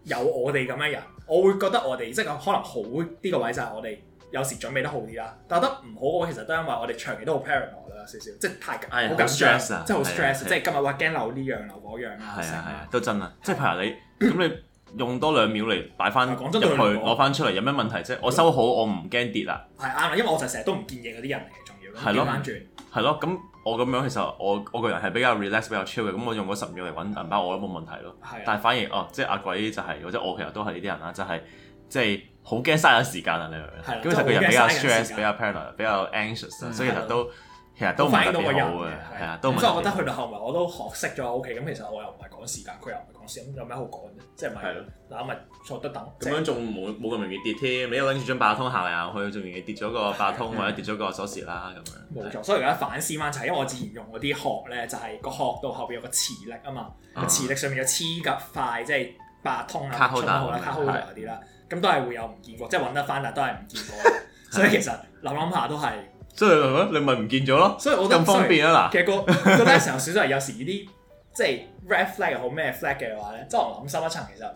有我哋咁嘅人，我會覺得我哋即係可能好呢、呢個位就係我哋有時準備得好啲啦，但打得唔好嘅話，其實都因為我哋長期都好 parallel 啦，少少即係太緊好緊即係好 stress，即係今日話驚漏呢樣漏嗰樣啊，係啊係啊都真啊，啊即係譬如你咁你。 用多兩秒嚟擺翻入去攞翻出嚟有咩問題？即係我收好我唔驚跌啦。係啱啦，因為我就成日都唔見嘢嘅人嚟嘅，仲要。係咯。係咯，咁我咁樣其實我我個人係比較 relax 比較 chill 嘅，咁我用嗰十秒嚟揾銀包我都冇問題咯。但係反而哦，即係阿鬼就係或者我其實都係呢啲人啦，就係即係好驚嘥咗時間啊！你明唔明？係。咁其實個人比較 stress，比較 paranoid，比較 anxious，所以其實都。其實都反映到個人嘅，係啊，都唔係。所以我覺得去到後面我都學識咗 OK，咁其實我又唔係講時間，佢又唔係講時間，有咩好講啫？即係咪嗱咪坐得等？咁樣仲冇冇咁容易跌添？你又拎住張八通行嚟行去仲容易跌咗個八通或者跌咗個鎖匙啦咁樣。冇錯，所以而家反思翻就係因為我之前用嗰啲殼咧，就係個殼到後邊有個磁力啊嘛，個磁力上面有黐夾塊，即係八通啊、春好號啦、卡號嗰啲啦，咁都係會有唔見過，即係揾得翻，但都係唔見過。所以其實諗諗下都係。所以咧，你咪唔見咗咯？所以我咁方便啊嗱，以其實、那個 個呢時候少數係有時呢啲即係 red flag 又好咩 flag 嘅話咧，即係我諗深一層其實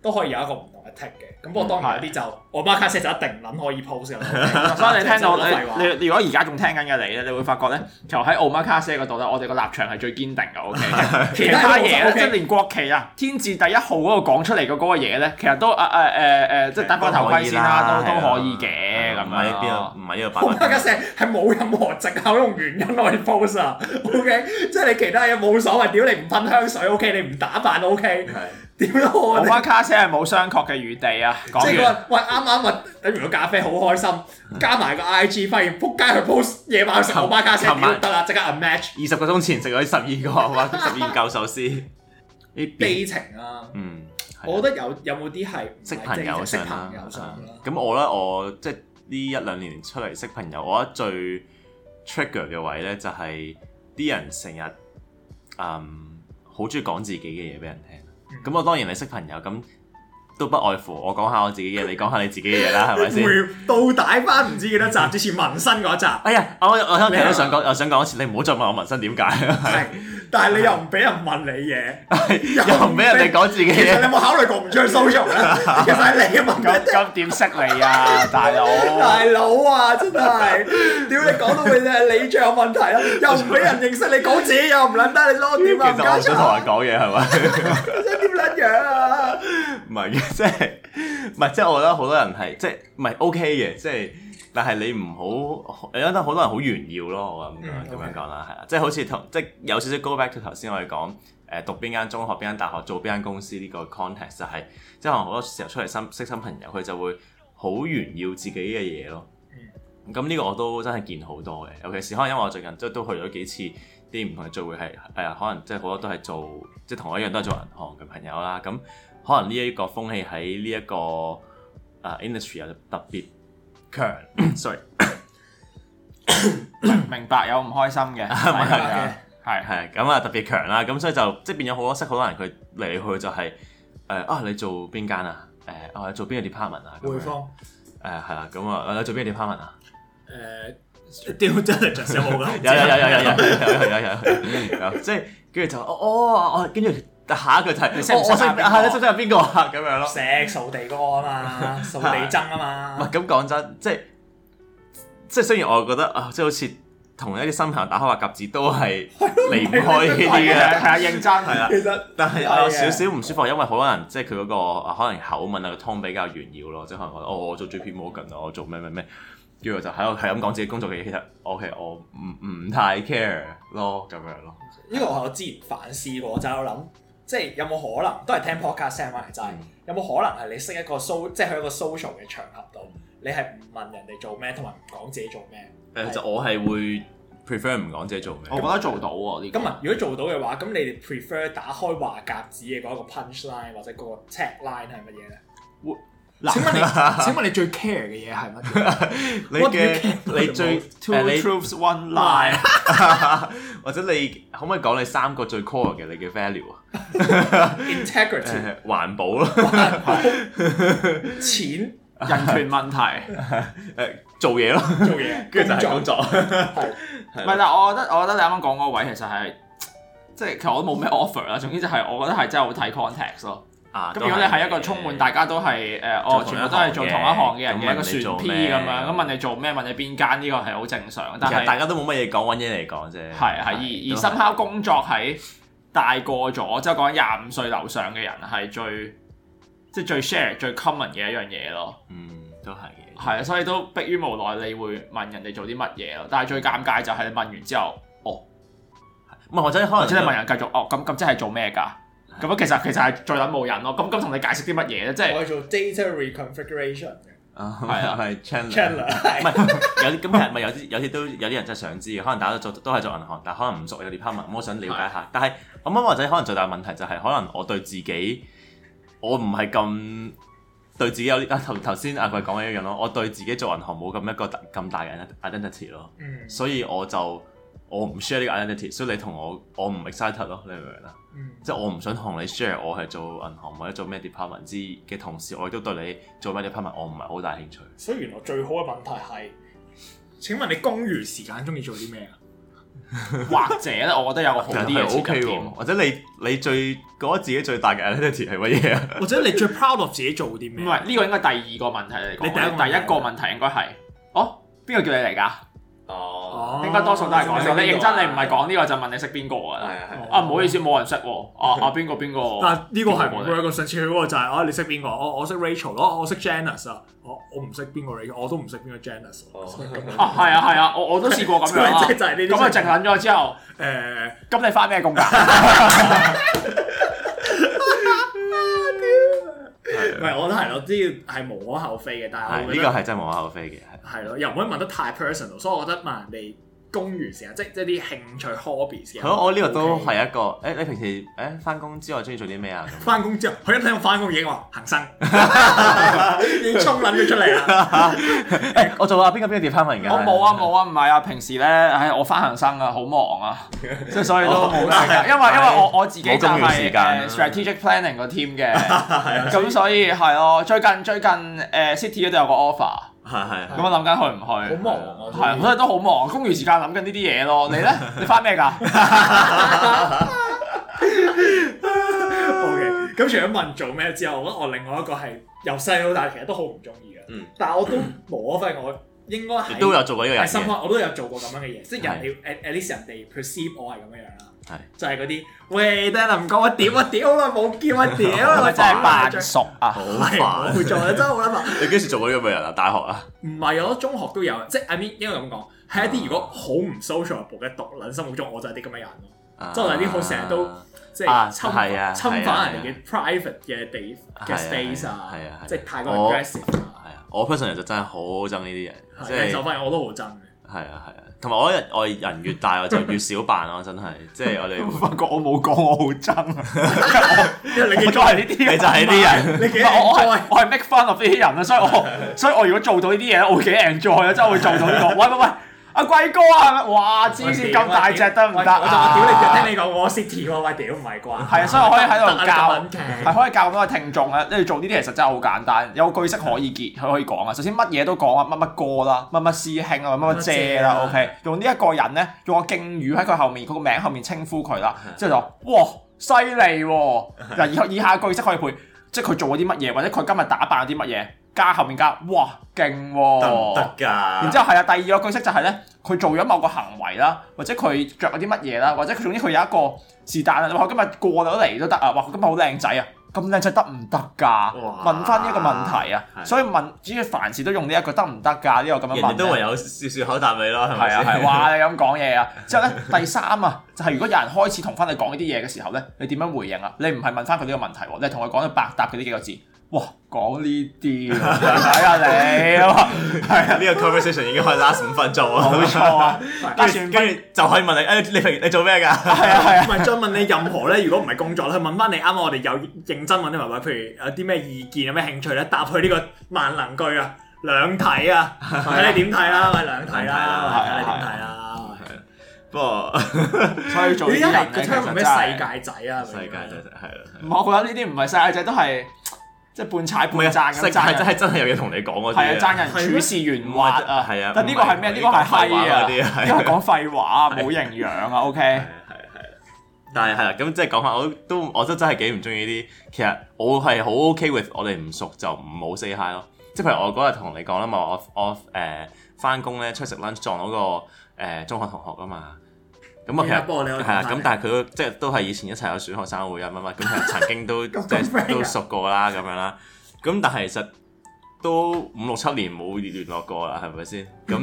都可以有一個唔同。嘅，咁不過當下有啲就奧馬卡西就一定唔撚可以 pose 啦。所以你聽到你，你如果而家仲聽緊嘅你咧，你會發覺咧，就喺奧馬卡西嗰度咧，我哋個立場係最堅定嘅。O K，其他嘢即係連國旗啊、天字第一號嗰個講出嚟嘅嗰個嘢咧，其實都誒誒誒誒，戴個頭盔先啦，都都可以嘅咁呢啊，唔係呢度擺。奧馬卡西係冇任何藉口用原因可以 pose 啊。O K，即係你其他嘢冇所謂，屌你唔噴香水？O K，你唔打扮？O K，點都好。奧馬卡西係冇商確嘅餘地啊，即係個喂啱啱啊，飲完個咖啡好開心，加埋個 IG 發現，撲街去 post 夜晚食牛扒咖啡點得啦，即刻 unmatch 二十個鐘前食咗十二個啊十二舊壽司你悲情啊，嗯，我覺得有有冇啲係識朋友先啦，咁我覺得我即係呢一兩年出嚟識朋友，我覺得最 trigger 嘅位咧就係啲人成日嗯好中意講自己嘅嘢俾人聽，咁我當然你識朋友咁。都不外乎，我講下我自己嘅。你講下你自己嘅嘢啦，係咪先？到倒帶翻唔知幾多集之前紋身嗰集。哎呀，我我頭先想講，我想講一次，你唔好再問我紋身點解。但係你又唔俾人問你嘢，又唔俾人哋講自己嘢。其實你有冇考慮過唔將收容咧？又係你問嘅啫。咁咁點識你啊，大佬？大佬啊，真係，屌你講到你，你你最有問題啦！又唔俾人認識你，講自己又唔撚得，你講點撚加長？我喺同人講嘢係咪？你想點撚樣啊？唔係。即係唔係？即係我覺得好多人係即係唔係 OK 嘅，即係、okay、但係你唔好，我覺得好多人好炫耀咯。我咁樣咁樣講啦，係啦、嗯 okay.，即係好似同即係有少少 Go Back to 頭先我哋講誒讀邊間中學、邊間大學、做邊間公司呢個 context 就係、是、即係可能好多時候出嚟新識新朋友，佢就會好炫耀自己嘅嘢咯。咁呢個我都真係見好多嘅，尤其是可能因為我最近即係都去咗幾次啲唔同嘅聚會，係、哎、誒可能即係好多都係做即係同我一樣都係做銀行嘅朋友啦咁。可能呢一個風氣喺呢一個啊 industry 又特別強，sorry，明白有唔開心嘅，明白係，係咁啊特別強啦，咁所以就即係變咗好多識好多人佢嚟去就係、是、誒、呃、啊你做邊間啊？誒啊做邊個 department 啊？會方誒係啦，咁啊啊做邊個 department 啊？誒 department 有有有有有有有有有有，即係跟住就哦哦，跟、oh, 住、啊。下一句就係，識唔誰識？下一句識唔識？係邊個啊？咁樣咯。識掃地哥啊嘛，掃地僧啊嘛。唔係咁講真，即係即係雖然我覺得啊，即係好似同一啲新朋友打開話夾子都係離唔開呢啲嘅，係啊認真。係啊，其實但係我有少少唔舒服，因為好多人即係佢嗰個可能口吻啊、湯比較炫耀咯，即係可能哦，我做最 P m o r 我做咩咩咩，跟住就喺度係咁講自己工作嘅嘢。其實 O K，我唔唔太 care 咯，咁樣咯。因個係我之前反思過，我就有諗。即係有冇可能都係聽 podcast 聲埋？真係有冇可能係你識一個 so 即係喺一個 social 嘅場合度，你係唔問人哋做咩，同埋唔講自己做咩？誒，就我係會 prefer 唔講自己做咩。我覺得做到喎。咁啊，如果做到嘅話，咁你 prefer 打開話格子嘅嗰個 punch line 或者個 tag line 係乜嘢咧？嗱，請問你請問你最 care 嘅嘢係乜，你嘅你最 two truths one line，或者你可唔可以講你三個最 core 嘅你嘅 value 啊？integrity，環保咯，環保錢人權問題，做嘢咯，做嘢，跟住就係工作。唔係，但我覺得我覺得你啱啱講嗰個位其實係，即係其實我都冇咩 offer 啦。總之就係我覺得係真係好睇 context 咯。咁如果你係一個充滿大家都係誒，哦全部都係做同一行嘅人嘅選 P 咁樣，咁問你做咩？問你邊間？呢個係好正常。但係大家都冇乜嘢講，揾嘢嚟講啫。係係，而而深刻工作喺。大過咗、就是，即係講廿五歲樓上嘅人係最即係最 share 最 common 嘅一樣嘢咯。嗯，都係。係啊，所以都迫於無奈，你會問人哋做啲乜嘢咯。但係最尷尬就係你問完之後，哦，問或者可能真係問人繼續，哦咁咁即係做咩㗎？咁樣其實其實係最等無人咯。咁咁同你解釋啲乜嘢咧？即、就、係、是、我係做 data reconfiguration 嘅、哦。啊，係 channel。channel 係有啲咁嘅人，咪有啲有啲都有啲人真係想知，可能大家都都係做銀行，但係可能唔熟。有啲 partner 我想了解下。但係咁或者可能最大問題就係、是、可能我對自己，我唔係咁對自己有啲啊。頭頭先阿貴講嘅一樣咯，我對自己做銀行冇咁一個咁大嘅 identity 咯。嗯。所以我就我唔 share 呢個 identity，所以你同我我唔 excited 咯。你明唔明啊？嗯。即係我唔想同你 share 我係做銀行或者做咩 department 之嘅同事，我亦都對你做咩 department，我唔係好大興趣。所以原來最好嘅問題係請問你公餘時間中意做啲咩啊？ 或者咧，我覺得有個好啲嘅設計點，點。或者你你最覺得自己最大嘅 identity 係乜嘢啊？ 或者你最 proud of 自己做啲咩？唔係呢個應該係第二個問題嚟講。你第，一第一個問題應該係，哦、啊，邊個叫你嚟㗎？哦，應該多數都係講笑，你認真，你唔係講呢個就問你識邊個啊？係啊係。啊唔好意思，冇人識喎。啊啊邊個邊個？但係呢個係我有一個笑超啊，就係啊你識邊個？我我識 Rachel 咯，我識 Janice 啊。我我唔識邊個 Rachel，我都唔識邊個 Janice。哦，係啊係啊，我我都試過咁樣啦。咁啊，靜撚咗之後，誒，咁你翻咩工㗎？唔係、嗯，我都係咯，都要係無可厚非嘅，但係呢、這個係真係無可厚非嘅，係。係咯，又唔可以問得太 personal，所以我覺得問人哋。公餘時間，即係即係啲興趣 hobby 時間。係咯，我呢個都係一個誒、欸，你平時誒翻工之外，中意做啲咩啊？翻工之後，佢一睇我翻工影，行山，你充捻佢出嚟啊！誒、 欸，我做啊邊個邊個 department 嘅？我冇啊冇啊，唔係啊，平時咧，誒我翻行山啊，好忙啊，即係 所以都冇時間。因為因為我 我自己就係 strategic planning 個 team 嘅，咁 所以係咯。最近最近誒 city、呃、都有個 offer。係係，咁我諗緊去唔去？好忙，係，所以都好忙。空餘時間諗緊呢啲嘢咯。你咧，你翻咩噶？OK，咁除咗問做咩之後，我覺得我另外一個係由細到大其實都好唔中意嘅。嗯，但係我都摸翻我應該係都有做過一個人設，我都有做過咁樣嘅嘢，即係人要 at least 人哋 perceive 我係咁樣樣啦。係就係嗰啲喂，但係唔講我屌啊屌啊，冇叫我屌啊，真係扮熟啊，好煩，唔好做啊，真好啦，你幾時做咗呢咁嘅人啊？大學啊？唔係，我中學都有，即係 I mean 應該咁講，係一啲如果好唔 social 嘅部嘅毒撚心目中，我就係啲咁嘅人咯。即係 I 好成日都即係侵犯人哋嘅 private 嘅地嘅 space 啊，即係太過 aggressive。係啊，我 personally 真係好憎呢啲人，即係就反而我都好憎嘅。係啊，係啊。同埋我人我人越大我就越少扮咯，真係，即係我哋 發覺我冇講我好憎，我 你就係呢啲，就人你就係呢啲人，是 我我係我係 make fun of 呢啲人啊，所以我， 所以我所以我如果做到呢啲嘢我我幾 enjoy 啊，即係我會做到呢個，喂喂喂。啊、貴哥啊，係咪？哇！知唔知咁大隻得唔得？我就話屌、啊、你！聽你講我 City 啊，我屌唔係啩？係啊，所以我可以喺度教，係、啊、可以教咁多聽眾啊。 你做呢啲其實真係好簡單，有句式可以結，佢可以講啊。首先乜嘢都講啊，乜乜哥啦，乜乜師兄啊，乜乜姐啦，OK 用。用呢一個人咧，用個敬語喺佢後面，佢個名後面稱呼佢啦，之後就哇犀利喎！嗱、啊，以 以下句式可以配，即係佢做咗啲乜嘢，或者佢今日打扮咗啲乜嘢，加後面加哇勁喎，得唔得㗎？行行啊、然之後係啊，第二個句式就係、是、咧。佢做咗某個行為啦，或者佢着咗啲乜嘢啦，或者佢總之佢有一個是但啊，話今日過到嚟都得啊，話佢今日好靚仔啊，咁靚仔得唔得㗎？哇問翻呢一個問題啊，的所以問主要凡事都用呢一個得唔得㗎呢個咁樣問。人哋都唯有笑笑口答你咯，係咪先？哇你話你咁講嘢啊，之後咧第三啊，就係如果有人開始同翻你講呢啲嘢嘅時候咧，你點樣回應啊？你唔係問翻佢呢個問題喎，你係同佢講咗百答嘅呢幾個字。哇，講呢啲啊！睇下你，係啊，呢個 conversation 已經可以 last 五分鐘啊，冇錯啊！跟住就可以問你，誒，你譬如你做咩㗎？係啊係啊，唔係再問你任何咧，如果唔係工作咧，問翻你啱啱我哋有認真問啲乜乜，譬如有啲咩意見、有咩興趣咧，搭去呢個萬能句啊，兩睇啊，睇你點睇啦，咪兩睇啦，睇你點睇啦，係不過可以做啲人咧，就咩世界仔啊？世界仔係啦。我覺得呢啲唔係世界仔，都係。即係半踩半贊咁樣，係真係真係有嘢同你講嗰啲啊！贊人處事圓滑啊，係啊！但呢個係咩？呢個係閪啊！因為講廢話啊，冇營養啊，OK？係啊係啊，但係係啦，咁即係講翻，我都我都真係幾唔中意呢啲。其實我係好 OK with 我哋唔熟就唔好 say hi 咯。即係譬如我嗰日同你講啦嘛，我我誒翻工咧出食 lunch 撞到個誒中學同學噶嘛。咁啊，係啊、嗯，咁但係佢 即係都係以前一齊有選學生會啊，乜乜咁係曾經都即係 都熟過啦，咁樣啦。咁但係其實都五六七年冇聯絡過啦，係咪先？咁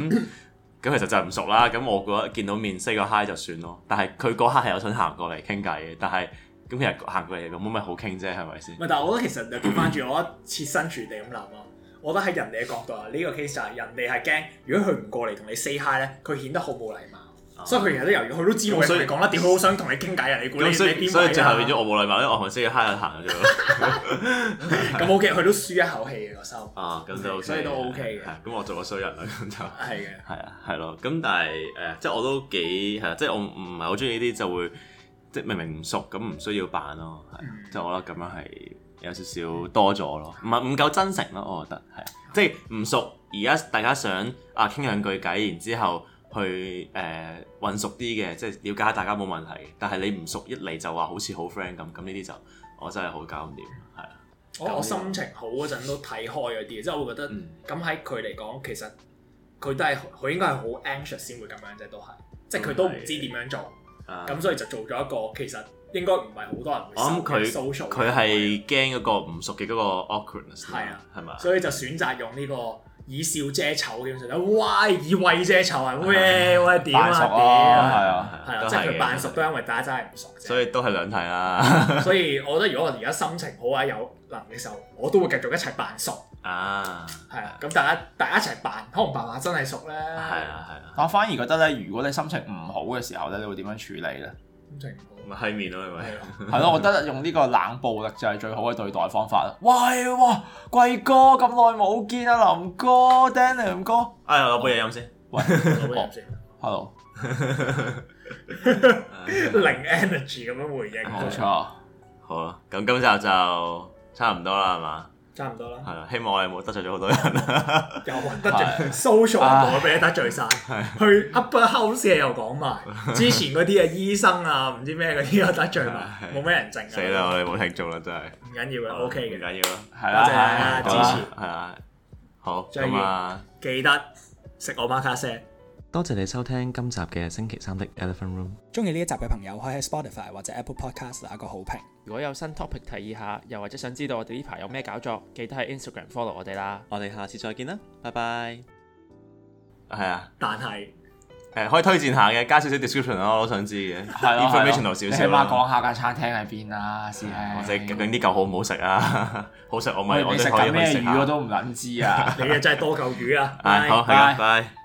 咁 其實就唔熟啦。咁我覺得見到面 say 個 hi 就算咯。但係佢嗰刻係有想行過嚟傾偈嘅，但係咁其實行過嚟咁冇乜好傾啫，係咪先？但係我覺得其實又轉翻住我一切身處地咁諗咯。我覺得喺人哋嘅角度啊，呢、這個 case 就係、是、人哋係驚，如果佢唔過嚟同你 say hi 咧，佢顯得好冇禮貌。所以佢其實都由佢都知我嘅講得點好想同你傾偈啊！你估你你所以最後變咗我冇禮貌因為，我係識要嗨下行咗。咁 OK，佢都輸一口氣個心。啊，咁就所以都 OK 嘅。咁我做個衰人啦，咁就係嘅。係啊，係咯。咁但係誒，即係我都幾係，即係我唔係好中意呢啲，就會即係明明唔熟咁唔需要扮咯。係，就我覺得咁樣係有少少多咗咯，唔係唔夠真誠咯，我覺得係。即係唔熟，而家大家想啊傾兩句偈，然之後。去誒混熟啲嘅，即係了解下大家冇問題。但係你唔熟，一嚟就話好似好 friend 咁，咁呢啲就我真係好搞唔掂，係啊。我心情好嗰陣都睇開嗰啲，即係我覺得咁喺佢嚟講，其實佢都係佢應該係好 anxious 先會咁樣啫，都係即係佢都唔知點樣做，咁所以就做咗一個其實應該唔係好多人會做嘅。我諗佢佢係驚嗰個唔熟嘅嗰個 awkwardness，係啊，係嘛？所以就選擇用呢個。以笑遮醜，基本上哇，以畏遮醜啊咩？我點啊點啊，係啊，係啊，的的即係佢扮熟都因為大家真係唔熟啫。所以都係兩題啦、啊。 所以，我覺得如果我而家心情好啊有能力嘅時候，我都會繼續一齊扮熟啊。係啊，咁大家大家一齊扮，可能扮下真係熟咧？係啊係啊。我反而覺得咧，如果你心情唔好嘅時候咧，你會點樣處理咧？咁咪係面咯，係咪？係咯、 啊，我覺得用呢個冷暴力就係最好嘅對待方法啦。喂，哇，貴哥咁耐冇見啊，林哥，Daniel 哥，哎，呀，攞杯嘢飲先。喂，攞杯飲先。 Hello， 零 energy 咁樣回應。冇 錯， 好啦，咁今集就差唔多啦，係嘛？差唔多啦，係啊！ 希望我哋冇得罪咗好多人，又揾 得罪 social 嗰啲得罪晒。 去 Upper House 又講埋，之前嗰啲啊醫生啊唔知咩嗰啲又得罪埋，冇咩 人剩。死啦！ 我哋冇聽眾啦，真係。唔緊要嘅，O K 嘅。唔緊要咯，了多謝大家支持。係啊，好，咁啊，記得食 Omakase。多謝你收聽今集嘅星期三的 Elephant Room。中意呢一集嘅朋友可以喺 Spotify 或者 Apple Podcast 打個好評。如果有新 topic 提議下，又或者想知道我哋呢排有咩搞作，記得喺 Instagram follow 我哋啦。我哋下次再見啦，拜拜。係啊，但係誒，可以推薦下嘅，加少少 description 咯，我都想知嘅。Information Social。少，起碼講下間餐廳喺邊啊？先。或者究竟啲嚿好唔好食啊？好食我咪我食，咩魚我都唔捻知啊！你啊真係多舊魚啊！好，拜拜。